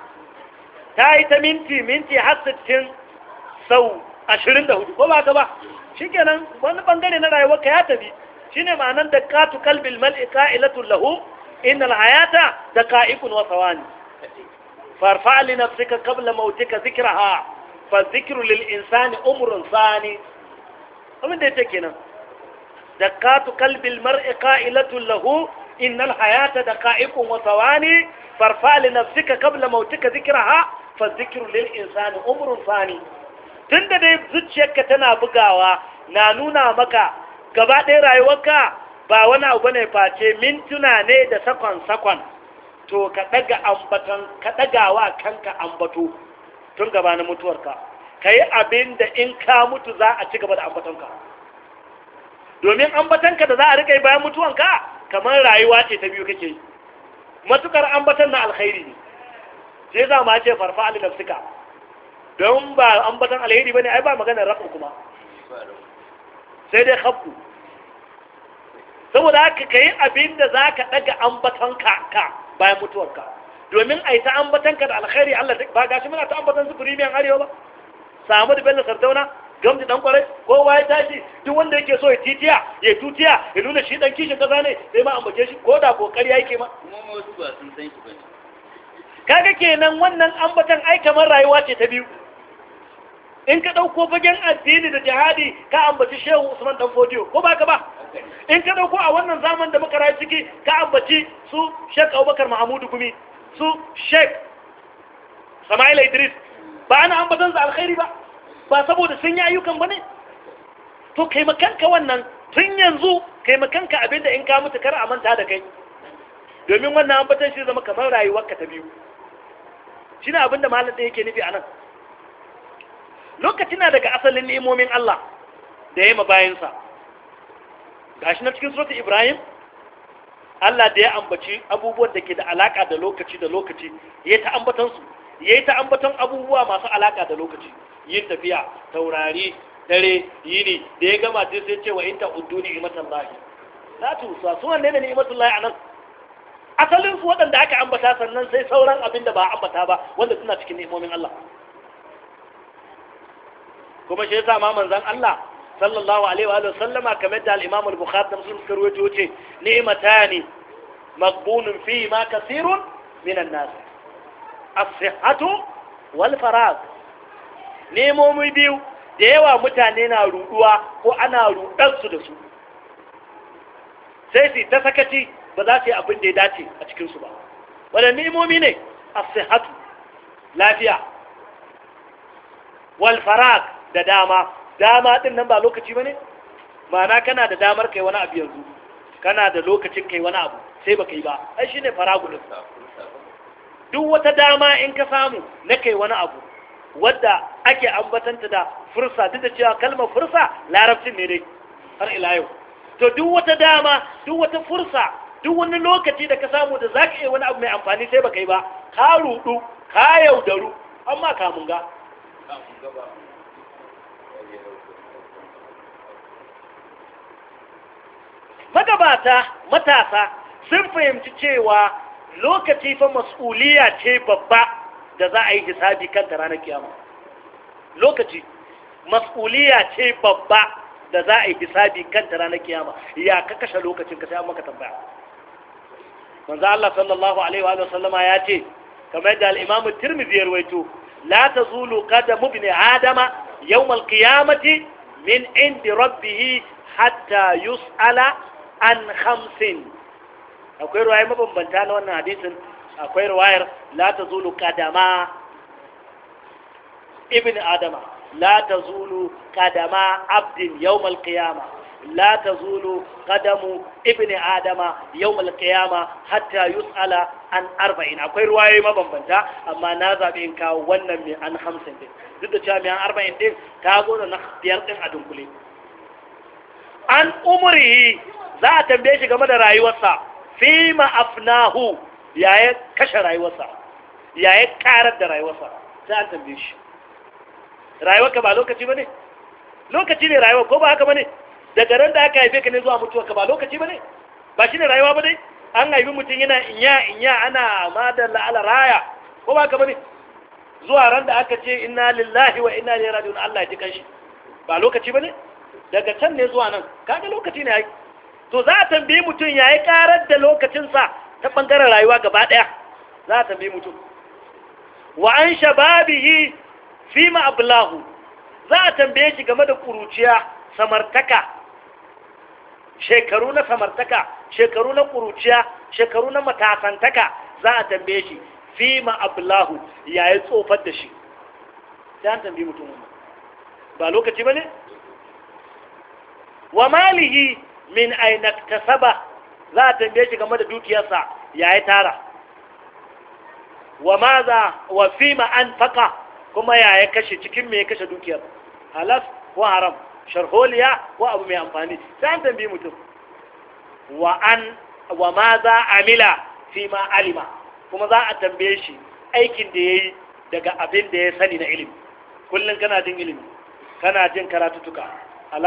ta yi ta minti minti har sittin sau ashirin da hudu ko ba ka ba shi kenan wani bangare na rayuwarka ya tafi Shi ne ma'anar da katu kalbil mal'i ka'ilatul lahu innal hayata da ka'ikun wa sawani فارفع لنفسك قبل موتك ذكرها فالذكر sani. أمر ثاني ومن ده kenan. دقات قلب المرء قائلة له إن الحياة دقائق وثواني فارفع لنفسك قبل موتك ذكرها فالذكر insani أمر ثاني tunda dai zuciyarka tana bugawa na nuna maka gaba ɗaya rayuwarka ba wani abu ne face mintuna ne da sakon-sakon to ka ɗaga ambatan ka ɗagawa kanka ambato tun gaba na mutuwarka ka yi abin da in ka mutu za a ci gaba da ambatonka domin ambatanka da za a riƙa bayan mutuwanka kamar rayuwa ce ta biyu kake yi matukar ambatan na alkhairi ne sai za ma ce farfa ali don ba ambatan alkhairi ne ai ba maganar rafin kuma sai dai khabbu saboda haka kai abin da ka daga ambatanka ka bayan mutuwarka domin a yi ta ambatanka da alkhairi Allah ba gashi muna ta ambatan zuburi mai arewa ba samu da bello sardauna gamji dan kwarai kowa ya tashi duk wanda yake so ya titiya ya tutiya ya nuna shi dan kishin kaza ne sai ma ambace shi ko da kokari yake ma ma kaga kenan wannan ambatan ai kamar rayuwa ce ta biyu in ka ɗauko fagen addini da jihadi ka ambaci shehu usman dan fodiyo ko ba ka ba in ka ɗauko a wannan zaman da muka rayu ciki ka ambaci su shek abubakar mahamudu gumi su shek sama'ila idris ba ana ambatan su alkhairi ba ba saboda sun yi ayyukan ba ne to kai wannan tun yanzu kai abinda in ka mutu kar a manta da kai domin wannan ambatan shi zama kamar rayuwarka ta biyu shi ne abinda malar da yake nufi a nan lokaci na daga asalin ni'imomin Allah da ya bayansa gashi na cikin surata Ibrahim Allah da ya ambaci abubuwan da ke da alaka da lokaci da lokaci ya ta su ya yi ta ambaton abubuwa masu alaka da lokaci yin tafiya taurari dare yini da ya gama sai sai cewa in ta uddu ni'matan lahi la tusa su wanne ne ni'matan lahi nan? asalin su waɗanda aka ambata sannan sai sauran abin da ba ambata ba wanda suna cikin ni'imomin Allah kuma shi yasa ma manzon Allah sallallahu alaihi wa sallama kamar da al-Imam al-Bukhari da Muslim suka rawaito ce ni'matani maqbunun fi ma kaseerun minan nas as-sihhatu wal farag nemomi biyu da yawa mutane na ruduwa ko ana rudan su da su sai su ta sakaci ba za su yi abin da ya dace a cikinsu ba waɗanne imomi ne asihatu lafiya wal farag da dama dama din nan ba lokaci bane ma'ana kana da damar kai wani abu yanzu kana da lokacin kai wani abu sai baka yi ba ai shine faragu din duk wata dama in ka samu na kai wani abu wadda ake ambatanta da fursa duk da cewa kalmar fursa larabcin ne dai har ila yau to duk wata dama duk wata fursa duk wani lokaci da ka samu da zaka yi wani abu mai amfani sai baka yi ba ka rudu ka yaudaru amma ka munga magabata matasa sun fahimci cewa lokaci fa mas'uliya ce babba da za a yi hisabi kanta ranar kiyama lokaci mas'uliya ce babba da za a yi hisabi kanta ranar kiyama ya ka kashe lokacin ka sai an maka tambaya manzo Allah sallallahu alaihi wa sallama ya ce kamar da al-Imam Tirmidhi ya rawaito la tazulu qadamu ibn adama yawm al-qiyamati min indi rabbih hatta yus'ala an khamsin akwai ruwaye mabambanta na wannan hadisin akwai ruwayar la ta zulu kadama ibn adama la ta zulu kadama abdin yawmal qiyama la ta zulu kadamu ibn adama yawmal qiyama hatta yus'ala an arba'in akwai ruwaye mabambanta amma na zaɓi in kawo wannan mai an hamsin din duk da cewa mai an arba'in din ta zo da na biyar din a dunkule an umrihi za a tambaye shi game da rayuwarsa fi ma'afnahu ya yi kashe rayuwarsa ya yi karar da rayuwarsa sai an tambaye shi rayuwarka ba lokaci ba ne lokaci ne rayuwa ko ba haka ba ne daga ran da aka haife ka ne zuwa mutuwa ka ba lokaci ba ne ba shi ne rayuwa ba ne? an haifi mutum yana inya inya ana madar la'ala raya ko ba haka ba ne zuwa ran da aka ce inna lillahi wa inna ilaihi raji'un Allah ya ji kanshi ba lokaci ba ne daga can ne zuwa nan kaga lokaci ne ai to za a tambayi mutum ya yi karar da lokacinsa ta ɓangaren rayuwa gaba ɗaya za a tambayi mutum wa an shababihi fi ma'ablahu za a tambaye shi game da ƙuruciya samartaka shekaru na samartaka shekaru na ƙuruciya shekaru na matasantaka za a tambaye shi fi ma'ablahu ya yi tsofar da shi ta an tambayi mutum ba lokaci ba ne wa malihi min aina kasaba za a tambaye shi game da dukiyarsa ya yi tara wa maza wa ma an faka kuma ya yi kashe cikin mai kashe dukiyar halaf ko haram sharholiya ko abu mai amfani sai an tambaye mutum wa an wa maza amila ma alima kuma za a tambaye shi aikin da ya yi daga abin da ya sani na ilimi kullum kana jin ilimi kana jin karatuttuka a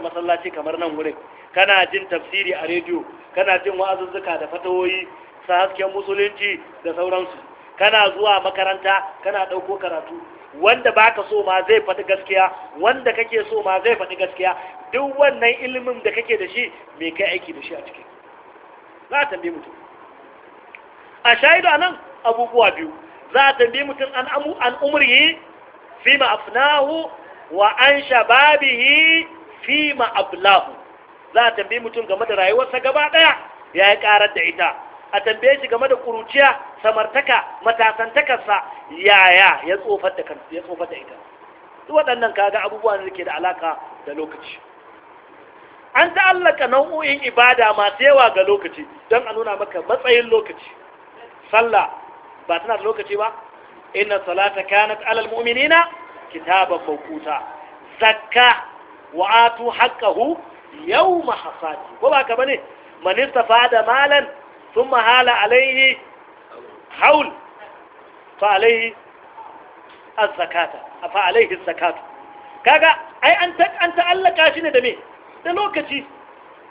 masallaci kamar nan wurin kana jin tafsiri a rediyo kana jin wa'azuzzuka da fatawoyi sa hasken musulunci da sauransu kana zuwa makaranta kana ɗauko karatu wanda baka so ma zai faɗi gaskiya wanda kake so ma zai faɗi gaskiya duk wannan ilimin da kake da shi me kai aiki da shi a ciki za a tambaye mutum a shahidu a nan abubuwa biyu za a tambaye mutum an amu an umri afnahu wa an shababihi fi ma'ablahu za a tambayi mutum game da rayuwarsa gaba ɗaya ya yi ƙarar da ita a tambaye shi game da kuruciya samartaka matasantakarsa yaya ya tsofar da ya tsofar da ita duk waɗannan kaga abubuwa ne ke da alaka da lokaci an ta'allaka nau'o'in ibada masu yawa ga lokaci don a nuna maka matsayin lokaci sallah ba tana da lokaci ba inna salata kanat alal mu'minina kitaban mawquta zakka wa atu haqqahu yawma hasadi ko ba ka bane man istafada malan thumma hala alayhi haul fa alayhi az-zakata fa alayhi az-zakatu kaga ai an ta an ta'allaka shi ne da me da lokaci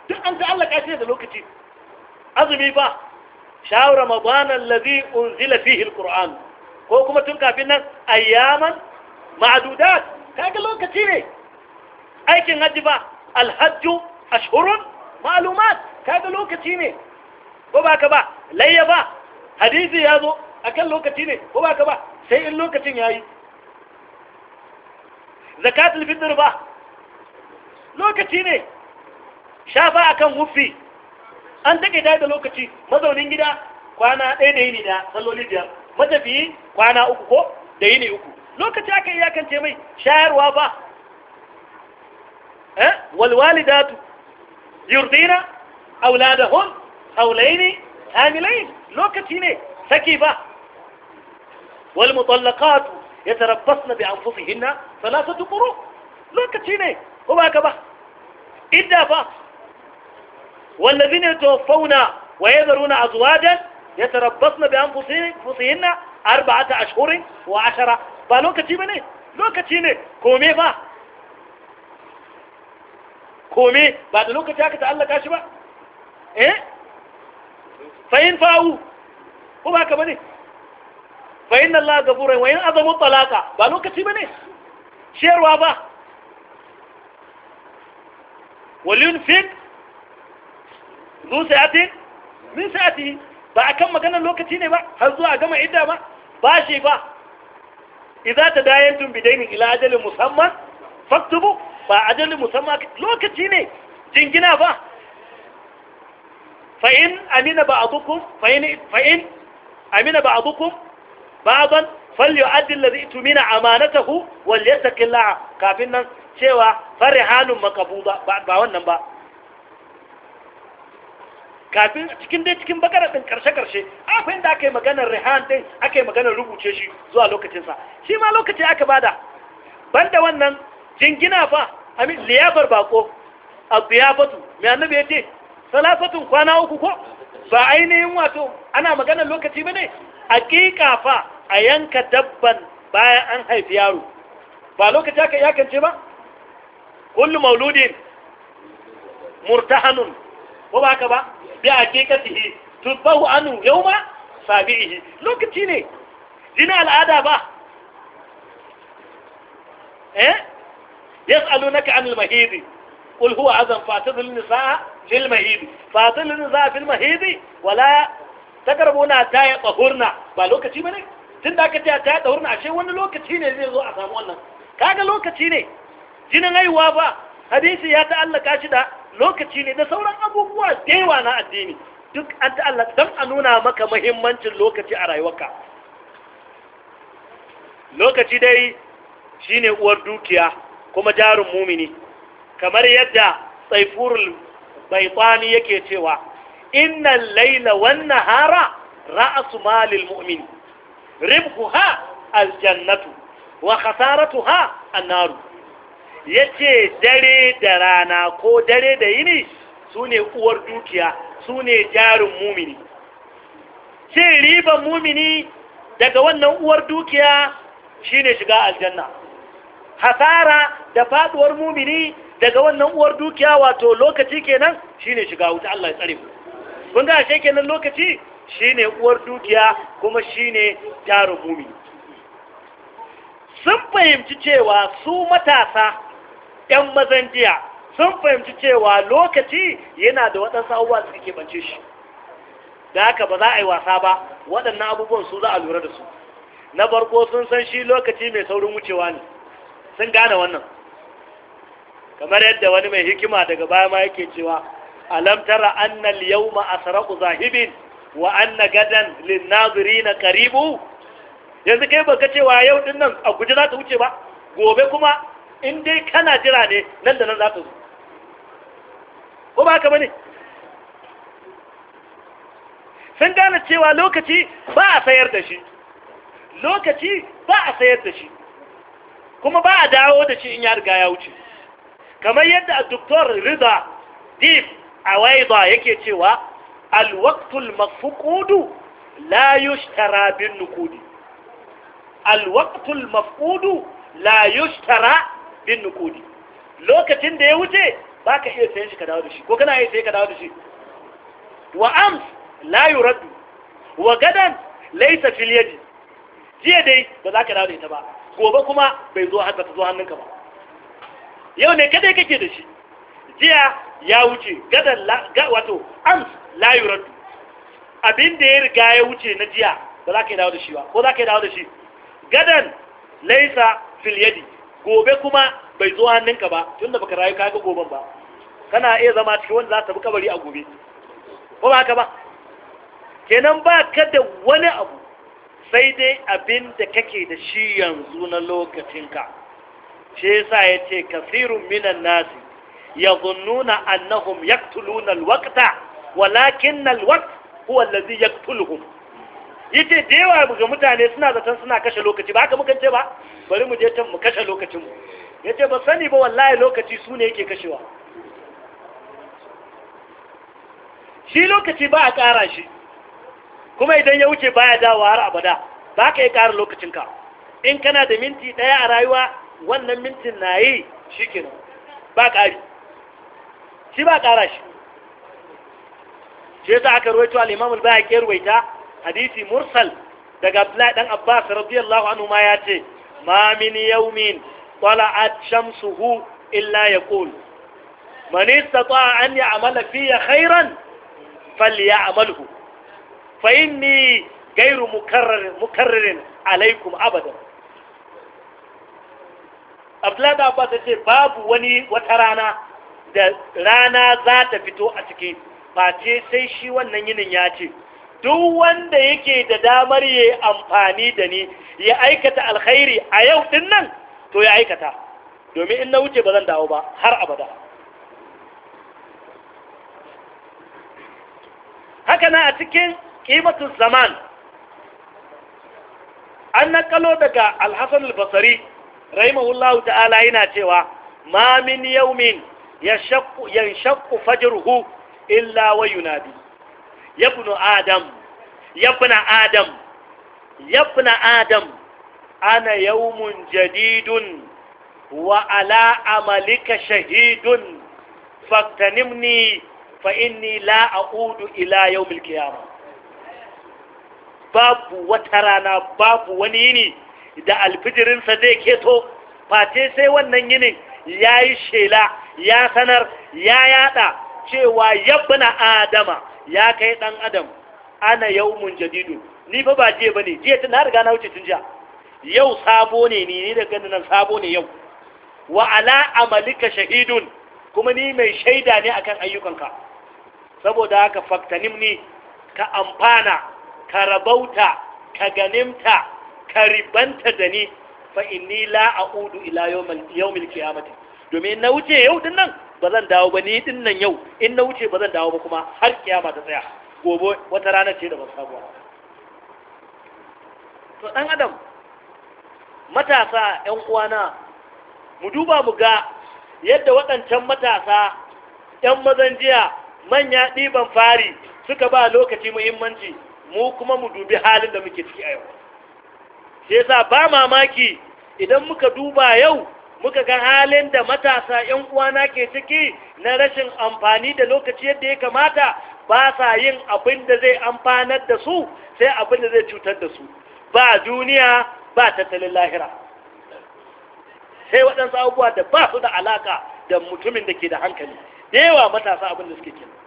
duk an ta'allaka shi ne da lokaci azumi fa shahr ramadan alladhi unzila fihi al-qur'an ko kuma tun kafin nan ayyaman ma'adudat kaga lokaci ne aikin hajji ba alhajju ashhurun ma'lumat kaga lokaci ne ko baka ba layya ba hadisi ya zo a kan lokaci ne ko ba ka ba sai in lokacin yayi zakatul fitr ba lokaci ne shafa a kan wufi an take da lokaci mazaunin gida kwana ɗaya da yini da salloli biyar matafiyi kwana uku ko da yini uku لوكتي اكي يا كنتي مي شاعر وابا ها والوالدات يرضين اولادهم حولين حاملين لوكتي ني سكيفا والمطلقات يتربصن بانفسهن ثلاثه قرؤ لوكتي ني وباكبا ادا فا والذين يتوفون ويذرون ازواجا يتربصن بانفسهن اربعه اشهر وعشره ba lokaci ba ne lokaci ne kome ba kome ba da lokaci haka ta'allaka shi ba eh fa'in fa'u ko ba ka ba ne fa'in Allah gaburai wa'in azamun talaka ba lokaci ba ne shiyarwa ba waliyun fit zuwa sa'atin min sa'ati ba a kan maganar lokaci ne ba har zuwa gama idda ba ba shi ba idza tadayantum bidaini ila ajalin musamman faktubu ba ajalin musamman lokaci ne jingina ba fa in amina ba'dukum fa in fa in amina ba'dukum ba'dan falyu'addi alladhi tumina amanatahu wal yattaqillaha kafin nan cewa farihanun maqbuda ba wannan ba kafin cikin dai cikin bakara din karshe karshe akwai inda aka yi maganar rihan din aka maganar rubuce shi zuwa lokacinsa shi ma lokaci aka bada banda wannan jingina fa amin liyafar bako a ziyafatu mai annabi ya ce salafatun kwana uku ko ba ainihin wato ana maganar lokaci ba ne hakika fa a yanka dabban bayan an haifi yaro ba lokaci aka ce ba kullu mauludin murtahanun ko ba ka ba bi haqiqatihi tubahu anhu yawma sabihi lokaci ne jini al'ada ba eh yas'alunaka anil mahidi قل هو عزم فاعتذر النساء في المهيد فاعتذر Wala في المهيد na تقربون حتى يطهرن ba lokaci bane tun da aka ce ta ya ashe wani lokaci ne zai zo a samu wannan kaga lokaci ne jinin haihuwa ba hadisi ya ta'allaka shi da lokaci ne da sauran abubuwa da yawa na addini duk an ta'allaka don a nuna maka mahimmancin lokaci a rayuwarka lokaci dai shine uwar dukiya kuma jarin mumini kamar yadda tsaifurul baitani yake cewa innal laila wan nahara ra'su malil mu'min ribhuha aljannatu wa khasaratuha annaru ya ce dare da rana ko dare da yini su ne uwar dukiya su ne jarin mumini ce riban mumini daga wannan uwar dukiya shine shiga aljanna hasara da faduwar mumini daga wannan uwar dukiya wato lokaci kenan shine shiga wuta Allah ya tsare mu kun ga ashe kenan lokaci shine uwar dukiya kuma shine jarin mumini sun fahimci cewa su matasa ‘yan mazan jiya sun fahimci cewa lokaci yana da waɗansu abubuwa su ke bance shi da haka ba za a yi wasa ba waɗannan abubuwan su za a lura da su na farko sun san shi lokaci mai saurin wucewa ne sun gane wannan kamar yadda wani mai hikima daga baya ma yake cewa alam tara annal yawma asraqu zahibin wa anna gadan lin nazirin qaribu yanzu kai baka cewa yau dinnan a guje za ta wuce ba gobe kuma in dai kana jira ne nan da nan za ta zo ko ba ka bane sun gane cewa lokaci ba a sayar da shi lokaci ba a sayar da shi kuma ba a dawo da shi in ya riga ya wuce kamar yadda a doktor rida dif a waiza yake cewa alwaktul mafukudu la yushtara bin nukudi alwaktul mafukudu la yushtara bin nukudi lokacin da ya wuce ba ka iya sayan shi ka dawo da shi ko kana iya sayan ka dawo da shi wa ams la yuraddu wa gadan laysa fil yadi jiya dai ba za ka dawo da ita ba gobe kuma bai zo har ba ta zo hannunka ba yau ne kadai kake da shi jiya ya wuce gadan la wato ams la yuraddu abin da ya riga ya wuce na jiya ba za ka dawo da shi ba ko za ka dawo da shi gadan laisa fil yadi gobe kuma bai zo hannunka ba tunda baka rayu ga goben ba kana iya zama cikin wanda za ta bi kabari a gobe ko ba haka ba kenan ba ka da wani abu sai dai abin da kake da shi yanzu na lokacinka shi yasa ya ce kasirun minan nasi ya zunnuna annahum yaktuluna alwaqta walakin alwaqt huwa allazi yaktuluhum yace da yawa ga mutane suna zaton suna kashe lokaci ba haka mukan ce ba bari mu je can mu kashe lokacin mu yace ba sani ba wallahi lokaci su ne yake kashewa shi lokaci ba a ƙara shi kuma idan ya wuce baya dawo har abada ba ka yi lokacin ka. in kana da minti ɗaya a rayuwa wannan mintin na yi shi kenan ba ƙari shi ba ƙara shi shi yasa aka ruwaito al-imam al-bayhaqi ruwaita hadisi mursal daga Abdullahi dan Abbas radiyallahu anhu ma ya ce ma min yawmin tala'at shamsuhu illa yaqul man istata'a an ya'mala fiya khairan falyamalhu fa inni ghayru mukarrar mukarrarin alaikum Abada. Abdullahi dan Abbas ce babu wani wata rana da rana za ta fito a cikin ba ce sai shi wannan yinin ya ce duk wanda yake da damar ya amfani da ni ya aikata alkhairi a yau din nan to ya aikata domin in na wuce ba zan dawo ba har abada haka na a cikin ƙimatun zaman an nakalo daga alhassan albasari rahimahullahu ta'ala yana cewa ma min yaumin ya shakku fajiruhu illa wa yabnu adam yabna adam yabna adam ana yawmun jadidun wa ala amalika shahidun faktanimni fa inni la a'udu ila yawmil qiyamah babu wata rana babu wani yini da alfijirinsa zai keto face sai wannan yinin ya yi shela ya sanar ya yada cewa yabna adama ya kai dan adam ana yawmun jadidu ni fa ba jiya bane jiya tun na riga na wuce tun jiya yau sabo ne ni ne da ganin nan sabo ne yau wa ala amalika shahidun kuma ni mai shaida ne akan ayyukanka saboda haka faktanim ni ka amfana ka rabauta ka ganimta ka ribanta da ni fa inni la a'udu ila yawmil qiyamati domin na wuce yau din nan ba zan dawo ba ni dinnan yau in na wuce ba zan dawo ba kuma har kiyama ta tsaya gobe wata rana ce da ban samu ba to dan adam matasa yan uwana mu duba mu ga yadda waɗancan matasa yan mazan jiya manya ɗiban fari suka ba lokaci muhimmanci mu kuma mu dubi halin da muke ciki a yau sai yasa ba mamaki idan muka duba yau muka ga halin da matasa 'yan uwana ke ciki na rashin amfani da lokaci yadda ya kamata ba sa yin abin da zai amfanar da su sai abin da zai cutar da su ba duniya ba tattalin lahira sai waɗansu abubuwa da ba su da alaka da mutumin da ke da hankali da yawa matasa abin da suke kenan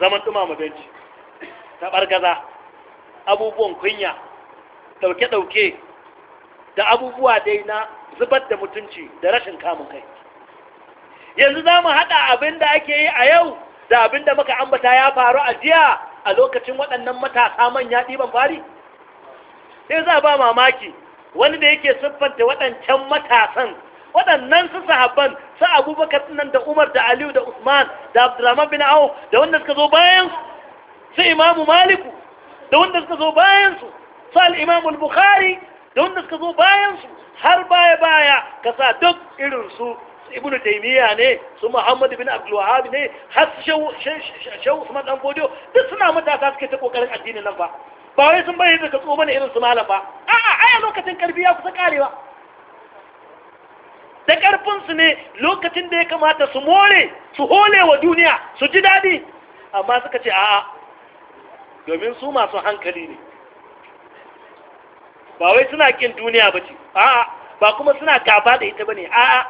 zaman ɗumama benci taɓargaza abubuwan kunya ɗauke-ɗauke da abubuwa dai na zubar da mutunci da rashin kamun kai yanzu za mu haɗa abin da ake yi a yau da abin da muka ambata ya faru a jiya a lokacin waɗannan matasa manya ɗiban fari sai za ba mamaki wani da yake siffanta waɗancan matasan waɗannan su sahabban su abubakar nan da umar da aliyu da usman da abdulrahman bin awo da wanda suka zo bayansu su imamu maliku da wanda suka zo bayan su su bukhari da wanda suka zo bayan har baya baya ka sa duk irinsu su ibnu ne su muhammad bin abdul ne har shehu usman dan bodio duk suna matasa suke ta kokarin addini nan ba ba wai sun bayyana ka tsoba ne irin su malam ba a'a ai lokacin karbi ya kusa karewa da karfin su ne lokacin da ya kamata su more su hole wa duniya su ji dadi amma suka ce a'a domin su masu hankali ne ba wai suna kin duniya ba ce a'a ba kuma suna gaba da ita ba ne? a'a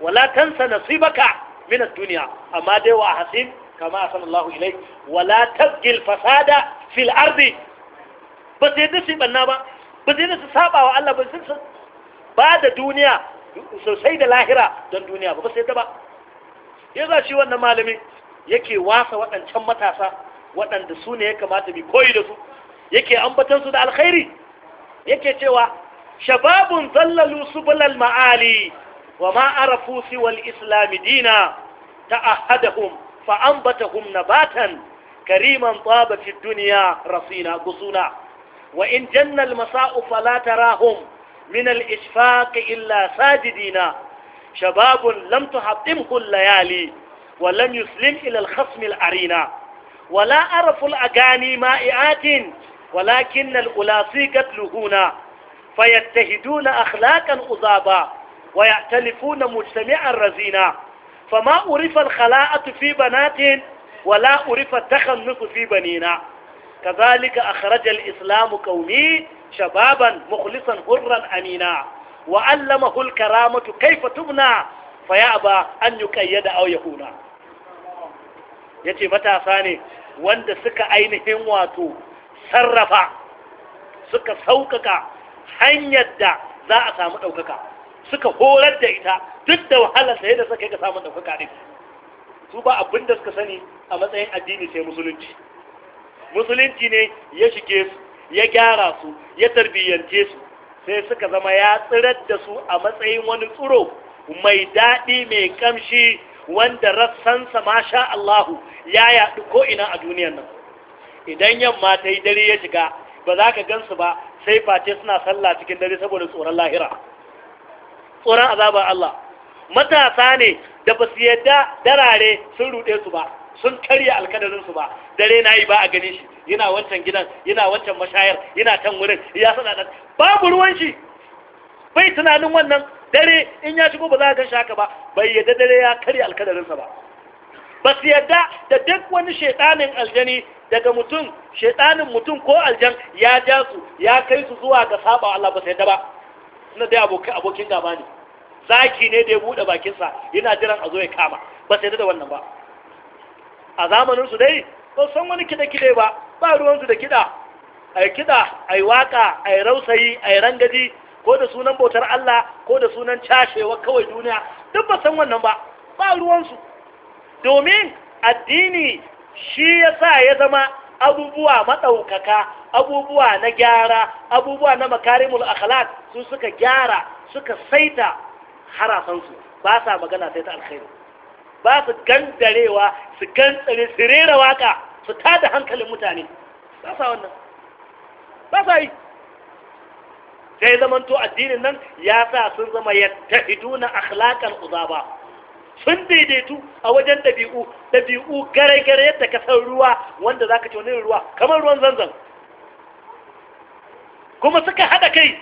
wala tan sa nasibaka min ad-dunya amma dai wa hasib kama asallallahu ilai wala tabgil fasada fil ardi ba sai da su banna ba ba sai da su saba wa Allah ba sun ba da duniya sosai da lahira don duniya ba ba sai da ba ya za shi wannan malami yake wasa waɗancan matasa waɗanda su ne ya kamata bi koyi da su yake ambatan su da alkhairi yake cewa shababun zallalu subulal ma'ali wa ma arafu siwal islami dina ta'ahadahum fa anbatahum nabatan كريما طاب في الدنيا رصينا قصونا وإن جن المساء فلا تراهم من الإشفاق إلا ساجدين شباب لم تحطمه الليالي ولم يسلم إلى الخصم الأرينا ولا أرف الأغاني مائعات ولكن الأولاسي قتلهون فيتهدون أخلاقا أضابا ويعتلفون مجتمعا رزينا فما أُرِفَ الخلاءة في بنات ولا أُرِفَ التخنص في بنينا كذلك أخرج الإسلام قومي شبابا مخلصا هرا أمينا وعلمه الكرامة كيف تبنى فيأبى أن يكيد أو يكون يتي متى ثاني وند سك أينهم واتو sarrafa suka sauƙaƙa hanyar da za a samu ɗaukaka suka horar da ita duk da wahalar da suka yi ga samun ɗaukaka ne su ba abin da suka sani a matsayin addini sai musulunci musulunci ne ya shige su ya gyara su ya tarbiyyance su sai suka zama ya tsirar da su a matsayin wani tsoro mai daɗi mai kamshi wanda rassansa masha Allahu ya yaɗu ko'ina a duniyar nan idan yamma ta yi dare ya shiga ba za ka gansu ba sai face suna sallah cikin dare saboda tsoron lahira tsoron azabar Allah matasa ne da ba su yadda darare sun ruɗe su ba sun karya alkadarinsu ba dare na yi ba a gani shi yana wancan gidan yana wancan mashayar yana can wurin ya suna da babu ruwan shi bai tunanin wannan dare in ya shigo ba za ka shaka ba bai yadda dare ya karya alkadarinsa ba ba su yadda da duk wani shaitanin aljani daga mutum shaitanin mutum ko aljan ya ja su ya kai su zuwa ga saba Allah ba sai da ba suna dai abokin gaba ne zaki ne da ya bude bakin sa yana jiran a zo ya kama ba sai da wannan ba a zamanin su dai ba san wani kida kide ba ba ruwansu da kida ai kida ai waka ai rausayi ai rangaji ko da sunan bautar Allah ko da sunan cashewa kawai duniya duk ba san wannan ba ba ruwansu domin addini shi ya sa ya zama abubuwa maɗaukaka abubuwa na gyara abubuwa na makarimul akhlaq su suka gyara suka saita harasansu ba sa magana sai ta alkhairu ba su gandarewa su gantsare su rera waka su tada hankalin mutane ba sa wannan ba sa yi sai zamanto addinin nan ya sa sun zama yattahiduna akhlaqan uzaba sun daidaitu a wajen ɗabi'u ɗabi'u gare-gare yadda ka san ruwa wanda za ka ce wani ruwa kamar ruwan zanzan kuma suka haɗa kai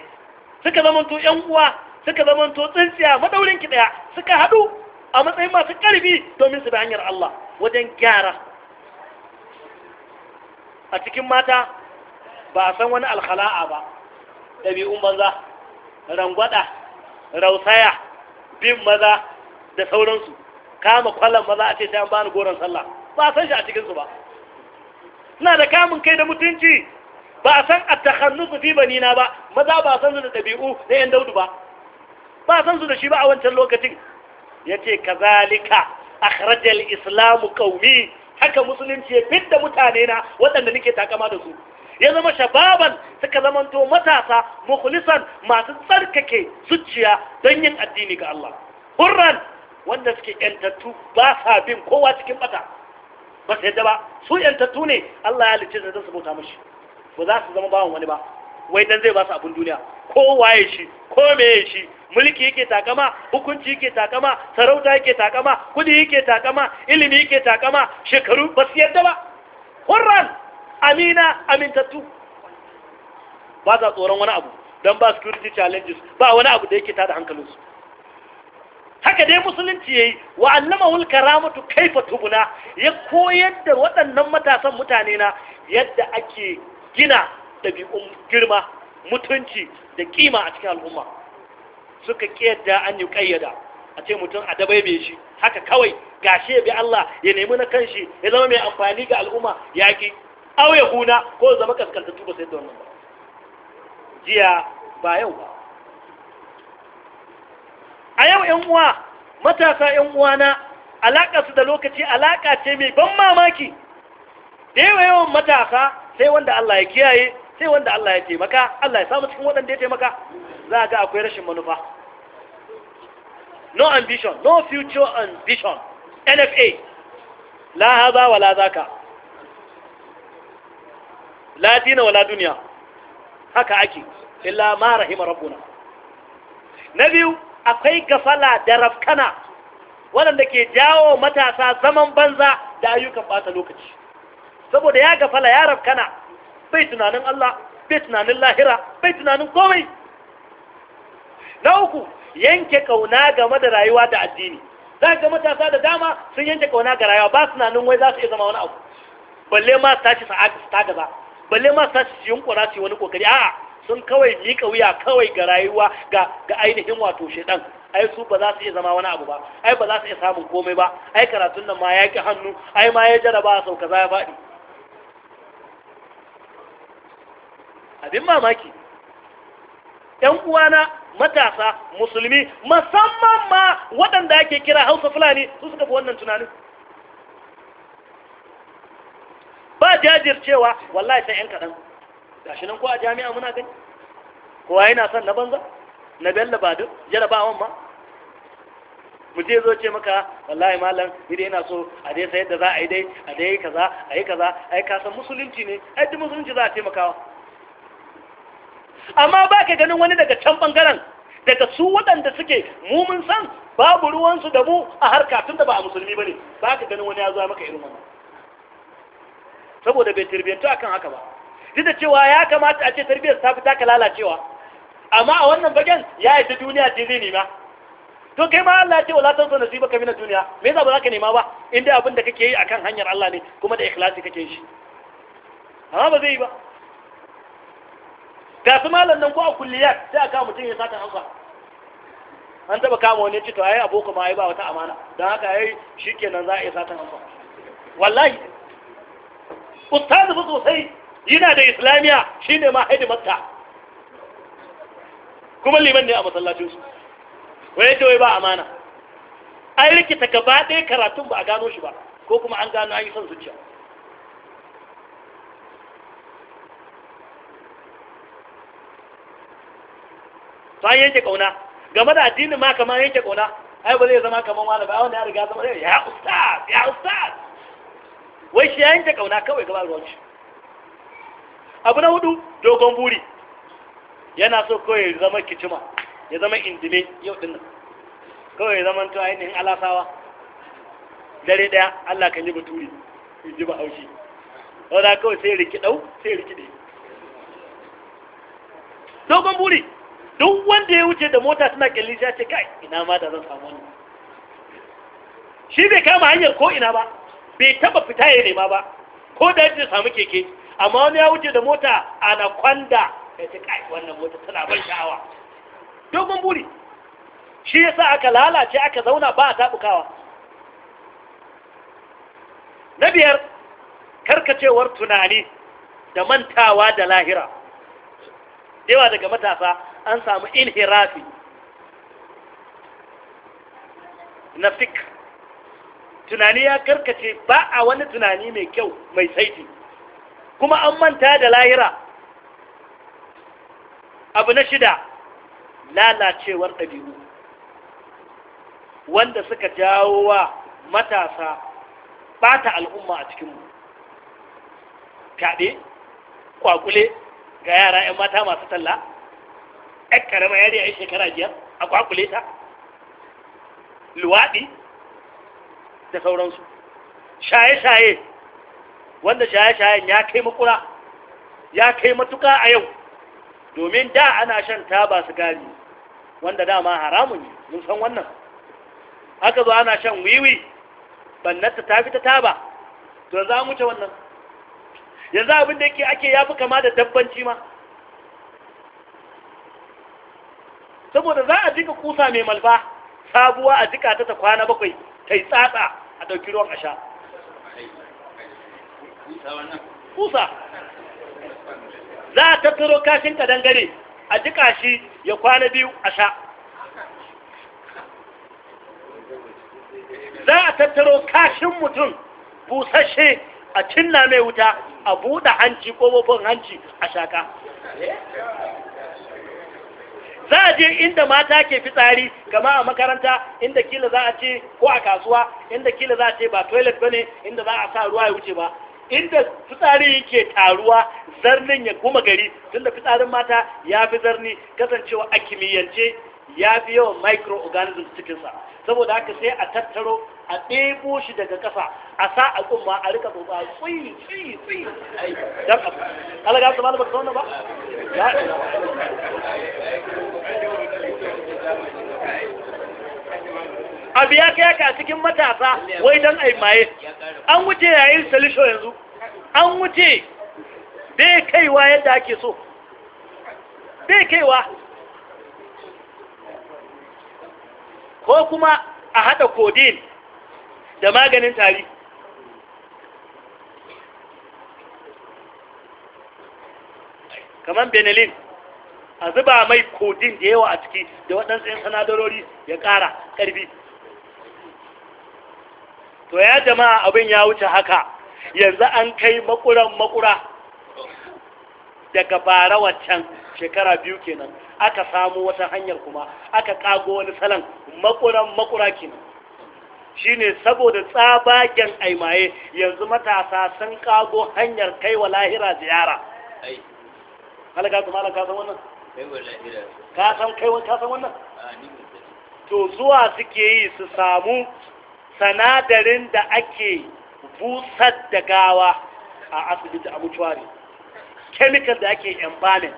suka zamanto ‘yan uwa suka zamanto tsintsiya maɗaurin ki ɗaya suka haɗu a matsayin masu ƙarfi domin su bi hanyar Allah wajen gyara a cikin mata ba a san wani alkhala'a ba ɗabi'un maza, rangwada rausaya bin maza da sauransu kama kwallon maza a ce sai an bani goron sallah ba a san shi a cikinsu ba Ina da kamun kai da mutunci ba a san attakhannusu fi banina ba maza ba san su da ɗabi'u na yan daudu ba ba san su da shi ba a wancan lokacin yace kazalika akhrajal islamu qaumi haka musulunci ya fitta mutane na waɗanda nake takama da su ya zama shababan suka zamanto matasa mukhlisan masu tsarkake zuciya don yin addini ga Allah hurran wanda suke yantattu ba sa bin kowa cikin bata ba su yadda ba su yantattu ne Allah ya halicce da su bauta mashi ba za su zama bawan wani ba wai dan zai ba su abin duniya ko waye shi ko meye shi mulki yake takama hukunci yake takama sarauta yake takama kudi yake takama ilimi yake takama shekaru ba su yadda ba hurran amina amintattu ba za tsoron wani abu don ba security challenges ba wani abu da yake tada hankalinsu haka dai musulunci yayi wa allamahul karamatu kaifa tubuna ya koyar da waɗannan matasan mutane na yadda ake gina ɗabi'un girma mutunci da kima a cikin al'umma suka kiyarda an yi kayyada a ce mutum a bai shi haka kawai gashi ya bi Allah ya nemi na kanshi ya zama mai amfani ga al'umma yaƙi auya huna ko zama kaskantattu ba sai da wannan ba jiya ba yau ba a yau ‘yan uwa matasa ‘yan uwana alaƙa su da lokaci alaƙa ce mai ban mamaki da yawa yawan matasa sai wanda Allah ya kiyaye sai wanda Allah ya taimaka Allah ya samu cikin waɗanda ya taimaka za a ga akwai rashin manufa no ambition no future ambition NFA la haza wa la zaka la dina la duniya haka ake illa ma rahima rabbuna na biyu akwai gafala da rafkana waɗanda ke jawo matasa zaman banza da ayyukan ɓata lokaci saboda ya gafala ya rafkana bai tunanin Allah bai tunanin lahira bai tunanin komai na uku yanke kauna game da rayuwa da addini za ga matasa da dama sun yanke kauna ga rayuwa ba sunanin wai za su iya zama wani abu balle ma su tashi su ta gaba balle ma su tashi su yunkura su yi wani kokari a'a sun kawai mika wuya kawai ga rayuwa ga ainihin wato shaidan ai su ba za su iya zama wani abu ba ai ba za su iya samun komai ba ai karatun nan ma ya ki hannu ai ma ya jaraba sau kaza ya faɗi abin mamaki yan uwana matasa musulmi musamman ma waɗanda ake kira hausa fulani su suka fi wannan tunanin ba jajircewa wallahi sai yan kaɗan gashi nan ko a jami'a muna gani kowa yana son na banza na bella ba duk jarabawan ma mu je zo ce maka wallahi malam ni dai ina so a dai sayar da za a yi dai a dai kaza a yi kaza a yi kasan musulunci ne ai duk musulunci za a taimakawa amma ba ka ganin wani daga can bangaren daga su waɗanda suke mu mun san babu ruwansu da mu a harka tun da ba a musulmi ba ne ba ka ganin wani ya zo maka irin wannan saboda bai tarbiyyantu akan haka ba duk da cewa ya kamata a ce tarbiyyar ta fi taka lalacewa amma a wannan bagen ya yi ta duniya ce zai nema to kai ma Allah ya ce wala tanzu nasiba ka na duniya me yasa ba za ka nema ba in dai abin da kake yi akan hanyar Allah ne kuma da ikhlasi kake shi amma ba zai yi ba ga su malam nan ko a kulliyar sai aka mutum ya sata hausa an taba kama wani ci to ai aboko ma ai ba wata amana don haka ai shikenan za a yi satan hausa wallahi ustazu fa sosai yana da islamiya shi ne ma hidimarta kuma liman ne a su. wai ce wai ba amana an rikita gaba ɗaya karatun ba a gano shi ba ko kuma an gano an yi son zuciya ta yanke ƙauna game da addinin ma kamar yanke ƙauna ai ba zai zama kamar wani ba wanda ya riga zama ya ustaz ya ustaz wai shi yanke ƙauna kawai gaba ruwan abu na hudu dogon buri yana so kawai ya zama kicima ya zama indile yau din nan kawai ya zama tuwa ainihin alasawa dare daya Allah kan yi baturi in ji ba haushi wadda kawai sai riki dau sai riki ne dogon buri duk wanda ya wuce da mota suna kyalli ya ce kai ina ma da zan samu wani shi bai kama hanyar ko ina ba bai taba fita ya nema ba ko da ya samu keke amma wani ya wuce da mota kwanda ya ce kai wannan mota tana ban sha'awa dogon buri shi ya sa aka lalace aka zauna ba a tabukawa na biyar karkacewar tunani da mantawa da lahira yawa daga matasa an samu inhirafi na fik tunani ya karkace ba a wani tunani mai kyau mai saiti kuma an manta da lahira abu na shida lalacewar ɗabi'u wanda suka jawo wa matasa ɓata al'umma a cikinmu Kaɗe, kwakule ga yara 'yan mata masu talla ƴan ƙarama yari a shekara biyar a kwakule ta luwaɗi da sauransu shaye-shaye wanda shaye-shayen ya kai makura ya kai matuka a yau domin da ana shan taba sigari wanda dama haramun ne mun san wannan aka zo ana shan wiwi bannarta ta fi ta taba to za mu ce wannan yanzu abin da yake ake yafi kama da dabbanci ma saboda za a jika kusa mai malfa sabuwa a jika ta ta kwana bakwai ta yi tsatsa a ɗauki ruwan a sha kusa za a tattaro kashin dangare a jika shi ya kwana biyu a sha za a tattaro kashin mutum busashe a cinna mai wuta a buɗe hanci ko hanci a shaka za a je inda mata ke fitsari kama a makaranta inda kila za a ce ko a kasuwa inda kila za a ce ba toilet ba ne inda za a sa ruwa ya wuce ba inda fitsari yake taruwa zarnin ya kuma gari tunda fitsarin mata ya fi zarni kasancewa a kimiyyance ya fi yawan microorganisms cikinsa saboda haka sai a tattaro a ɗebo shi daga ƙasa a sa a tsumma a rika a alaga su malaba ka sauna ba ya abu ya kai ka cikin matasa wai don aimaye an wuce yayin salisho yanzu an wuce bai kaiwa yadda ake so bai kaiwa ko kuma a haɗa kodin da maganin tari kamar benelin a zuba mai kodin da yawa a ciki da waɗansu yin sanadarori ya ƙara ƙarfi to ya jama'a abin ya wuce haka yanzu an kai makuran makura daga bara waccan shekara biyu kenan aka samu wata hanyar kuma aka kago wani salon makuran makura kenan shine saboda tsabagen aimaye yanzu matasa sun kago hanyar kai wa lahira ziyara ka san kai ka wannan to zuwa suke yi su samu sanadarin da ake busar da gawa a asibiti a mutuwari kemikal da ake embalming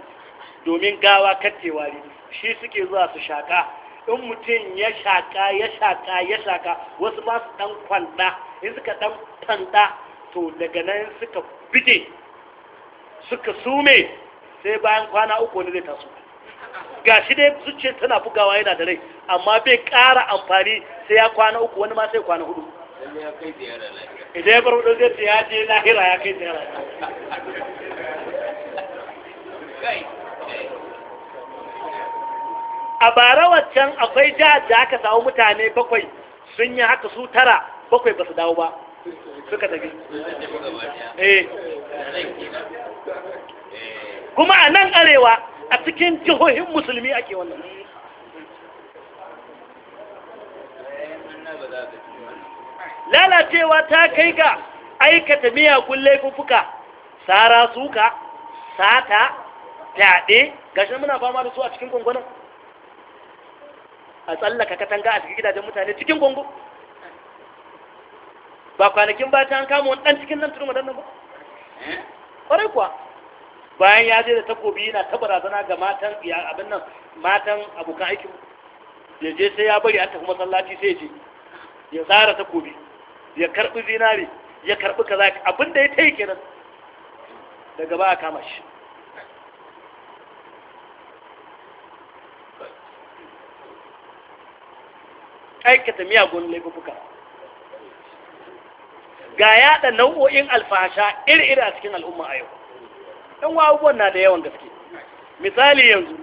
domin gawa ne shi suke zuwa su shaƙa in mutum ya shaƙa ya shaƙa ya shaƙa wasu ba su ɗan kwanda in suka ɗan kwanda to daga nan suka bide suka sume sai bayan kwana uku wani zai taso ga shi dai zuciya tana bugawa yana da rai amma bai ƙara amfani sai ya kwana uku wani ma sai kwana hudu idan ya bar hudu zai ta na lahira ya kai ziyara a bara waccan akwai jihar da aka samu mutane bakwai sun yi haka su tara bakwai ba su dawo ba suka tafi eh. eh. kuma a nan arewa a cikin jihohin musulmi ake wannan lalacewa ta kai ga aikata miyagun laifuka, tsara suka sata fyaɗe gashi muna fama da su a cikin gwangwanin a tsallaka katanga a cikin gidajen mutane cikin gungun ba kwanakin ba ta an kama wani ɗan cikin nan turu madannan ba eh? ƙwarai kuwa bayan ya je da takobi yana ta barazana ga matan iya abin nan matan abokan aikin ya je sai ya bari an tafi masallaci sai je ya tsara takobi ya karbi zinare ya karbi kaza abin da ya ta yi kenan daga ba a kama shi aikata miyagun laifuka ga yada nau'o'in alfasha iri-iri a cikin al'umma a yau ɗan wa abubuwan na da yawan gaske misali yanzu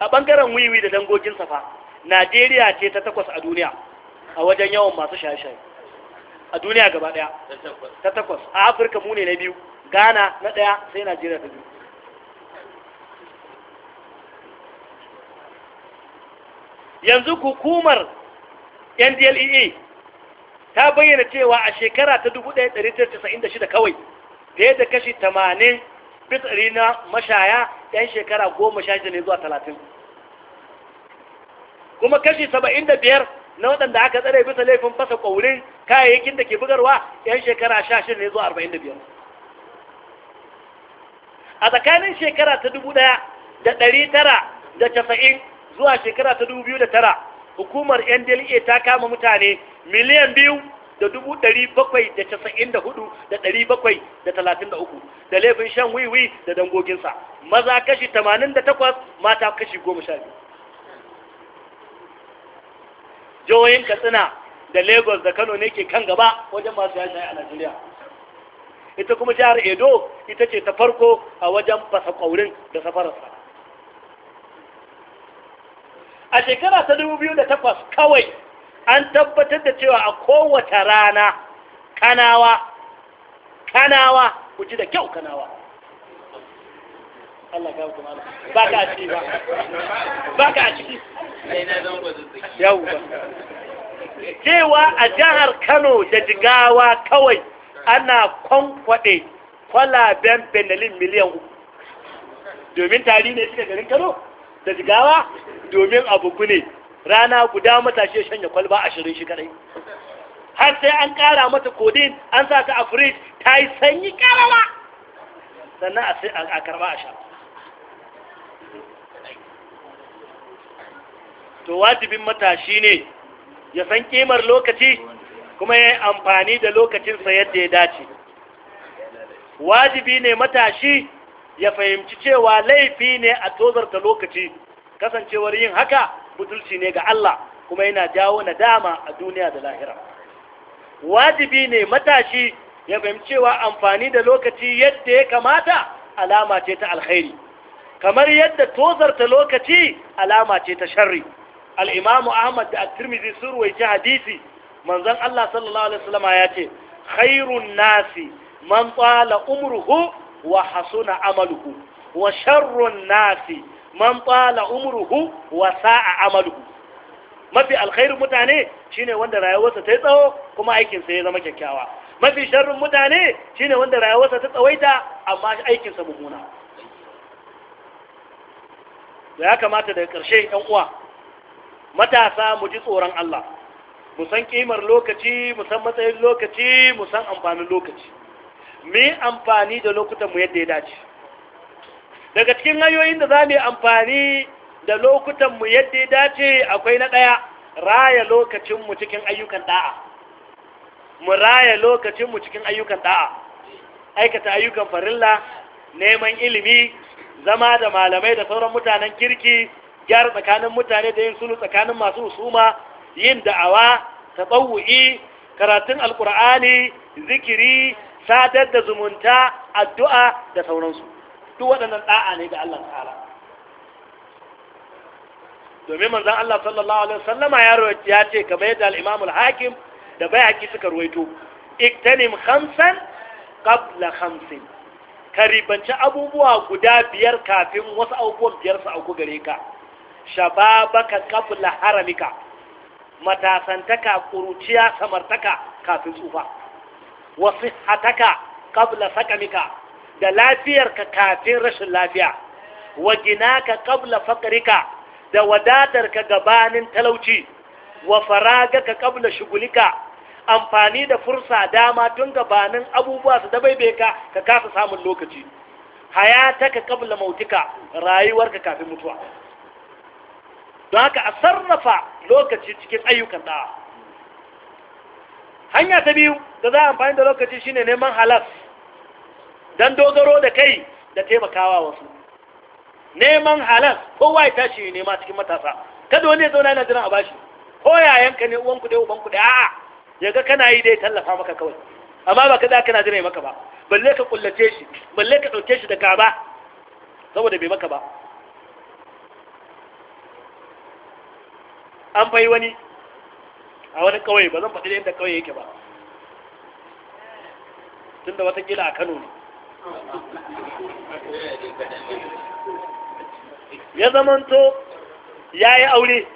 a ɓangaren wiwi da dangogin safa najeriya ce ta takwas a duniya a wajen yawan masu shaye-shaye a duniya gaba ɗaya ta takwas a afirka mu ne na biyu ghana na ɗaya sai najeriya ta biyu yanzu hukumar ndlea ta bayyana cewa a shekara ta 1996 kawai da yadda kashi 80 fitsari na mashaya yan shekara goma sha ne zuwa talatin kuma kashi saba'in da biyar na waɗanda aka tsare bisa laifin fasa ƙaurin kayayyakin da ke bugarwa yan shekara sha shi ne zuwa arba'in da biyar a tsakanin shekara ta dubu ɗaya da ɗari tara da casa'in zuwa shekara ta dubu biyu da tara hukumar ƴan ta kama mutane miliyan biyu da dubu ɗari bakwai da casa'in da hudu da ɗari bakwai da talatin da uku da laifin shan wiwi da dangoginsa maza kashi tamanin da takwas mata kashi goma sha biyu jihohin katsina da lagos da kano ne ke kan gaba wajen masu yashayi a najeriya ita kuma jihar edo ita ce ta farko a wajen fasa ƙaurin da safararsa a shekara ta 2008 kawai an tabbatar da cewa a kowace rana kanawa kanawa ku ji da kyau kanawa ba ka ba ba ka cewa a jihar Kano da Jigawa kawai ana kwankwaɗe kwalaben benelin miliyan uku domin tari ne suka garin Kano da Jigawa domin abu ne rana guda matashi ya shanya kwalba ashirin shi kadai har sai an kara mata kodin an sa ta a firij ta yi sanyi karawa sannan a karɓa a sha to wajibin matashi ne ya san ƙimar lokaci kuma ya yi amfani da lokacinsa yadda ya dace wajibi ne matashi ya fahimci cewa laifi ne a tozarta lokaci kasancewar yin haka butulci ne ga Allah kuma yana jawo nadama a duniya da lahira wajibi ne matashi ya fahimcewa amfani da lokaci yadda ya kamata alama ce ta alkhairi kamar yadda tozarta lokaci alama ce ta sharri al'imamu ahmad da at tirmizi sun ruwaici hadisi manzon Allah sallallahu alaihi wasallam ya ce khairun nasi man tsala umruhu wa hasuna amaluhu wa sharrun nasi man tsala umruhu wa sa'a amaluhu mafi alkhairun mutane shine wanda rayuwarsa ta yi tsawo kuma aikinsa ya zama kyakkyawa mafi sharrin mutane shine wanda rayuwarsa ta tsawaita amma aikinsa mummuna da ya kamata daga ƙarshe ɗan uwa matasa mu ji tsoron Allah mu san ƙimar lokaci mu san matsayin lokaci mu san amfanin lokaci mu yi amfani da lokutan mu yadda ya dace daga cikin hanyoyin da za mu yi amfani da lokutan mu yadda ya dace akwai na ɗaya raya lokacinmu cikin ayyukan ɗa'a mu raya lokacinmu cikin ayyukan ɗa'a aikata ayyukan farilla neman ilimi zama da malamai da sauran mutanen kirki gyara tsakanin mutane da yin sulu tsakanin masu husuma yin da'awa taɓawu'i karatun alkur'ani zikiri sadar da zumunta addu'a da sauransu duk waɗannan ɗa'a ne ga Allah ta'ala domin manzon Allah sallallahu alaihi wasallama ya ya ce kamar yadda al al-Hakim da Baihaqi suka rawaito iktanim khamsan qabla khamsin ka ribanci abubuwa guda biyar kafin wasu abubuwan biyar su auku gare ka shababaka qabla haramika matasantaka kuruciya samartaka kafin tsufa wasu hataka qabla sakamika da lafiyarka kafin rashin lafiya wa gina ka kabla faqrika da wadatarka gabanin talauci wa faraga ka kabla shugulika amfani da fursa dama tun gabanin abubuwa su dabaibe ka ka kasa samun lokaci hayata ka qabla mautika rayuwarka kafin mutuwa don haka a sarrafa lokaci cikin ayyukan da'a hanya ta biyu da za a amfani da lokaci shine neman halas don dogaro da kai da taimakawa wasu neman halal kowa ya tashi nema cikin matasa kada wani ya zauna yana jiran a bashi ko yayanka ne uwanku dai ubanku da a'a yaga kana yi dai tallafa maka kawai amma ba ka kada kana jira maka ba balle ka kullace shi balle ka dauke shi da gaba saboda bai maka ba an fai wani a wani kawai ba zan faɗi da inda kawai yake ba tunda watakila a Kano ne ya zamanto ya yi aure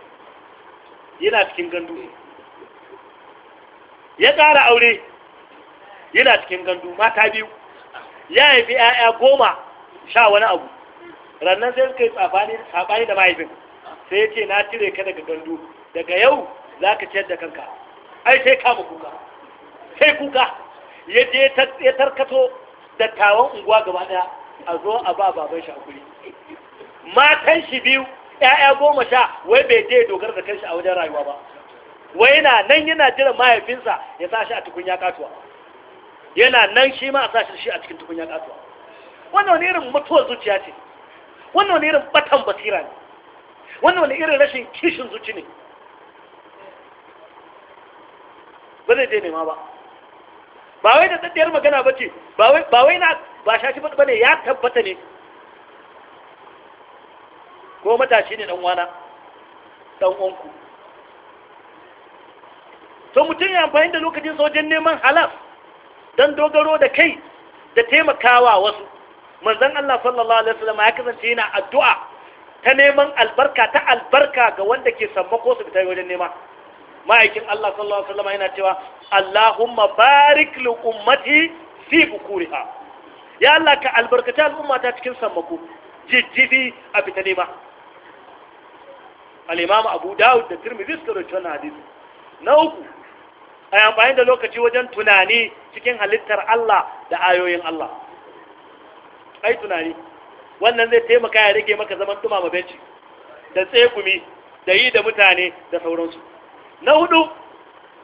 yana cikin gandu ya ƙara aure yana cikin gandu mata biyu ya haifi 'ya'ya goma sha wani abu rannan sai suka yi tsabani da mahaifin sai ya ce na cire ka daga gandu daga yau za ka ciyar da kanka ai sai kama kuka sai kuka ya je ya tarkato dattawan unguwa gaba ɗaya a zo a ba baban shi hakuri matan shi biyu ƴaƴa goma sha wai bai je dogara da kanshi a wajen rayuwa ba wai na nan yana jiran mahaifinsa ya sa shi a tukunya katuwa yana nan shi ma a sa shi a cikin tukunya katuwa wannan wani irin mutuwar zuciya ce wannan wani irin batan basira ne wannan wani irin rashin kishin zuci ne ba zai je nema ba ba wai da tsaddiyar magana ba ce ba wai na ba shashi ba ne ya tabbata ne ko matashi ne ɗanwana ɗan'onku to mutum ya amfani da lokacin sojan neman halaf don dogaro da kai da taimakawa wasu manzan Allah sallallahu Alaihi wasallam ya kasance yana addu'a ta neman albarka ta albarka ga wanda ke sammako su fita wajen nema ma'aikin Allah sallallahu alaihi wasallam yana cewa Allahumma barik li ummati fi bukuriha ya Allah ka albarkaci al'umma ta cikin sammako jijjifi a fita nema al-Imam Abu Dawud da Tirmidhi suka rawaito wannan hadisi na uku a amfani da lokaci wajen tunani cikin halittar Allah da ayoyin Allah ai tunani wannan zai taimaka ya rage maka zaman dumama benci da tsegumi da yi da mutane da sauransu na hudu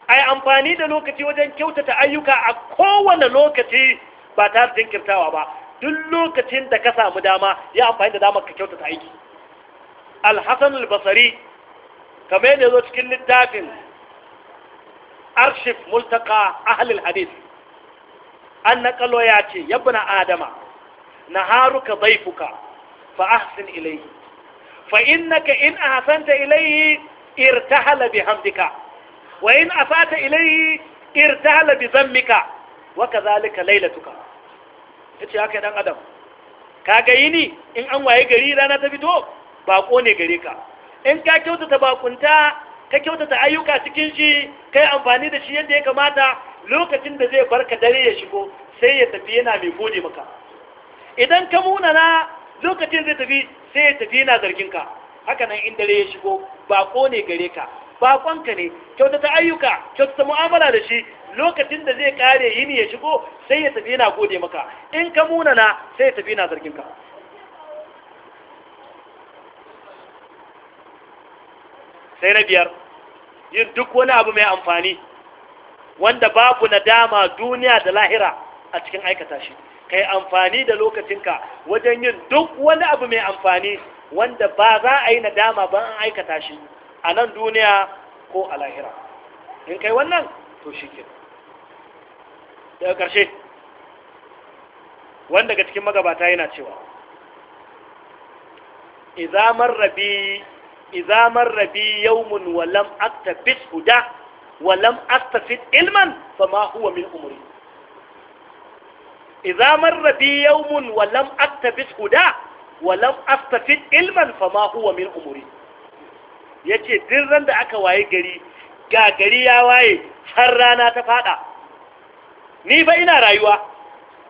a yi amfani da lokaci wajen kyautata ayyuka a kowane lokaci ba tare jinkirtawa ba duk lokacin da ka samu dama ya amfani da damar ka kyautata aiki alhassan albasari kamar yadda zo cikin littafin arshif multaka ahalil hadith an naƙalo ya ce yabna adama na haruka zaifuka fa ahsin ilayhi fa innaka in ahsanta ilayhi irtahala bihamdika wa in asata ilayhi irtahala bi zammika wa kadhalika laylatuka yace haka dan adam kaga yini in an waye gari rana ta fito bako ne gare ka in ka kyautata bakunta ka kyautata ayyuka cikin shi kai amfani da shi yadda ya kamata lokacin da zai barka dare ya shigo sai ya tafi yana mai gode maka idan ka munana lokacin zai tafi sai ya tafi yana zargin ka haka nan in dare ya shigo bako ne gare ka bakonka ne kyautata ayyuka kyautata mu'amala da shi lokacin da zai kare yini ya shigo sai ya tafi yana gode maka in ka munana sai ya tafi yana zargin ka sai na biyar yin duk wani abu mai amfani wanda babu nadama duniya da lahira a cikin aikata shi ka yi amfani da lokacinka wajen yin duk wani abu mai amfani wanda ba za a yi nadama ba an aikata shi a nan duniya ko a lahira in kai wannan to shi ke daga ƙarshe wanda ga cikin magabata yana cewa izamar rabi izamar rabi yawmun walam aktafis huda walam aktafis ilman fama huwa min umri idza marra bi yawmun wa lam aktabis huda wa lam ilman fa ma huwa min yace duk ran da aka waye gari ga gari ya waye har rana ta fada ni ba ina rayuwa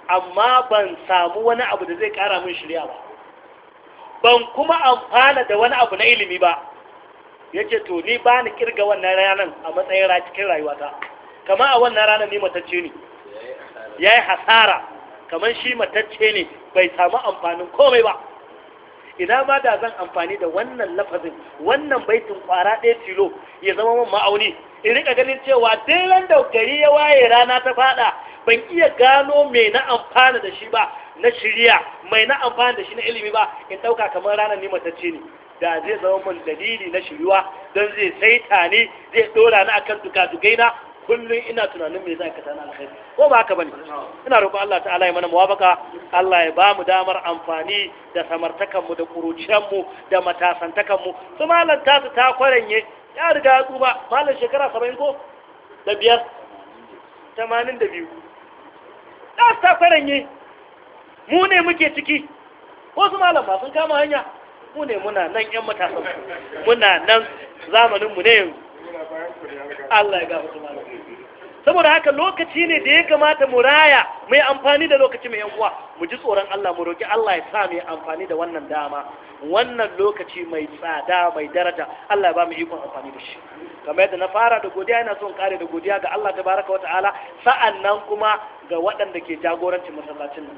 amma ban samu wani abu da zai kara min shirya ba ban kuma amfana da wani abu na ilimi ba yace to ni ba ni kirga wannan ranar a matsayin cikin rayuwata kama a wannan ranar ni matacce ne ya yi hasara kamar shi matacce ne bai samu amfanin komai ba ina ma da zan amfani da wannan lafazin wannan baitin kwara ɗaya tilo ya zama man ma'auni in rika ganin cewa dailan da gari ya waye rana ta fada ban iya gano mai na amfana da shi ba na shirya mai na amfana da shi na ilimi ba in ɗauka kamar ranar ni matacce ne da zai zama mun dalili na shiriwa, don zai saita ni zai ɗora ni akan duka na? kullum ina tunanin me zan kasa na alkhairi ko ba haka bane ina roƙo Allah ta'ala ya mana muwafaka Allah ya ba mu damar amfani da samartakan mu da kuruciyan mu da matasantakan mu su malam ta ta kwaranye ya riga ya tsuba malam shekara 70 ko da biyar 82 ta ta kwaranye mu ne muke ciki Ko su malam ba sun kama hanya mu ne muna nan yan matasan muna nan zamanin mu ne yanzu Allah ya gafarta malam saboda haka lokaci ne da ya kamata mu raya mai amfani da lokaci mai yankuwa mu ji tsoron Allah mu roki Allah ya sa mu amfani da wannan dama wannan lokaci mai tsada mai daraja Allah ya ba mu ikon amfani da shi kamar yadda na fara da godiya ina son kare da godiya ga Allah tabaraka wata'ala sa'an nan kuma ga waɗanda ke jagorancin masallacin nan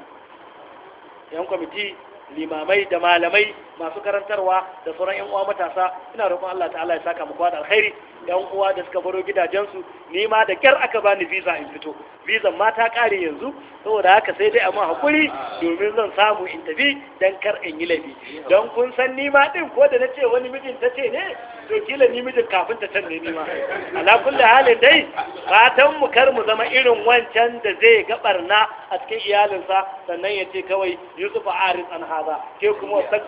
yan kwamiti limamai da malamai masu karantarwa da sauran yan uwa matasa ina roƙon Allah ta'ala ya saka mu da alkhairi yan uwa da suka baro gidajensu ni ma da kyar aka bani visa in fito visa ma ta kare yanzu saboda haka sai dai amma hakuri domin zan samu in tafi dan kar in yi labi don kun san ni ma din ko da nace wani mijin ta ce ne to kila ni mijin kafin ta tanne ni ma ala kulli halin dai fatan mu kar mu zama irin wancan da zai ga barna a cikin iyalinsa sannan ya ce kawai yusuf aris an haza ke kuma wasan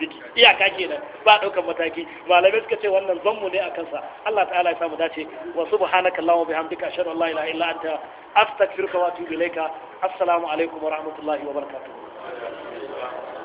biki iyaka iyaka kenan ba daukan mataki malamai suka ce wannan zanmu ne a kansa Allah ta'ala ya samu dace wa subhanaka allahumma bihamdika ashhadu an la ilaha illa anta astaghfiruka wa atubu ilaika assalamu alaikum wa rahmatullahi wa barakatuh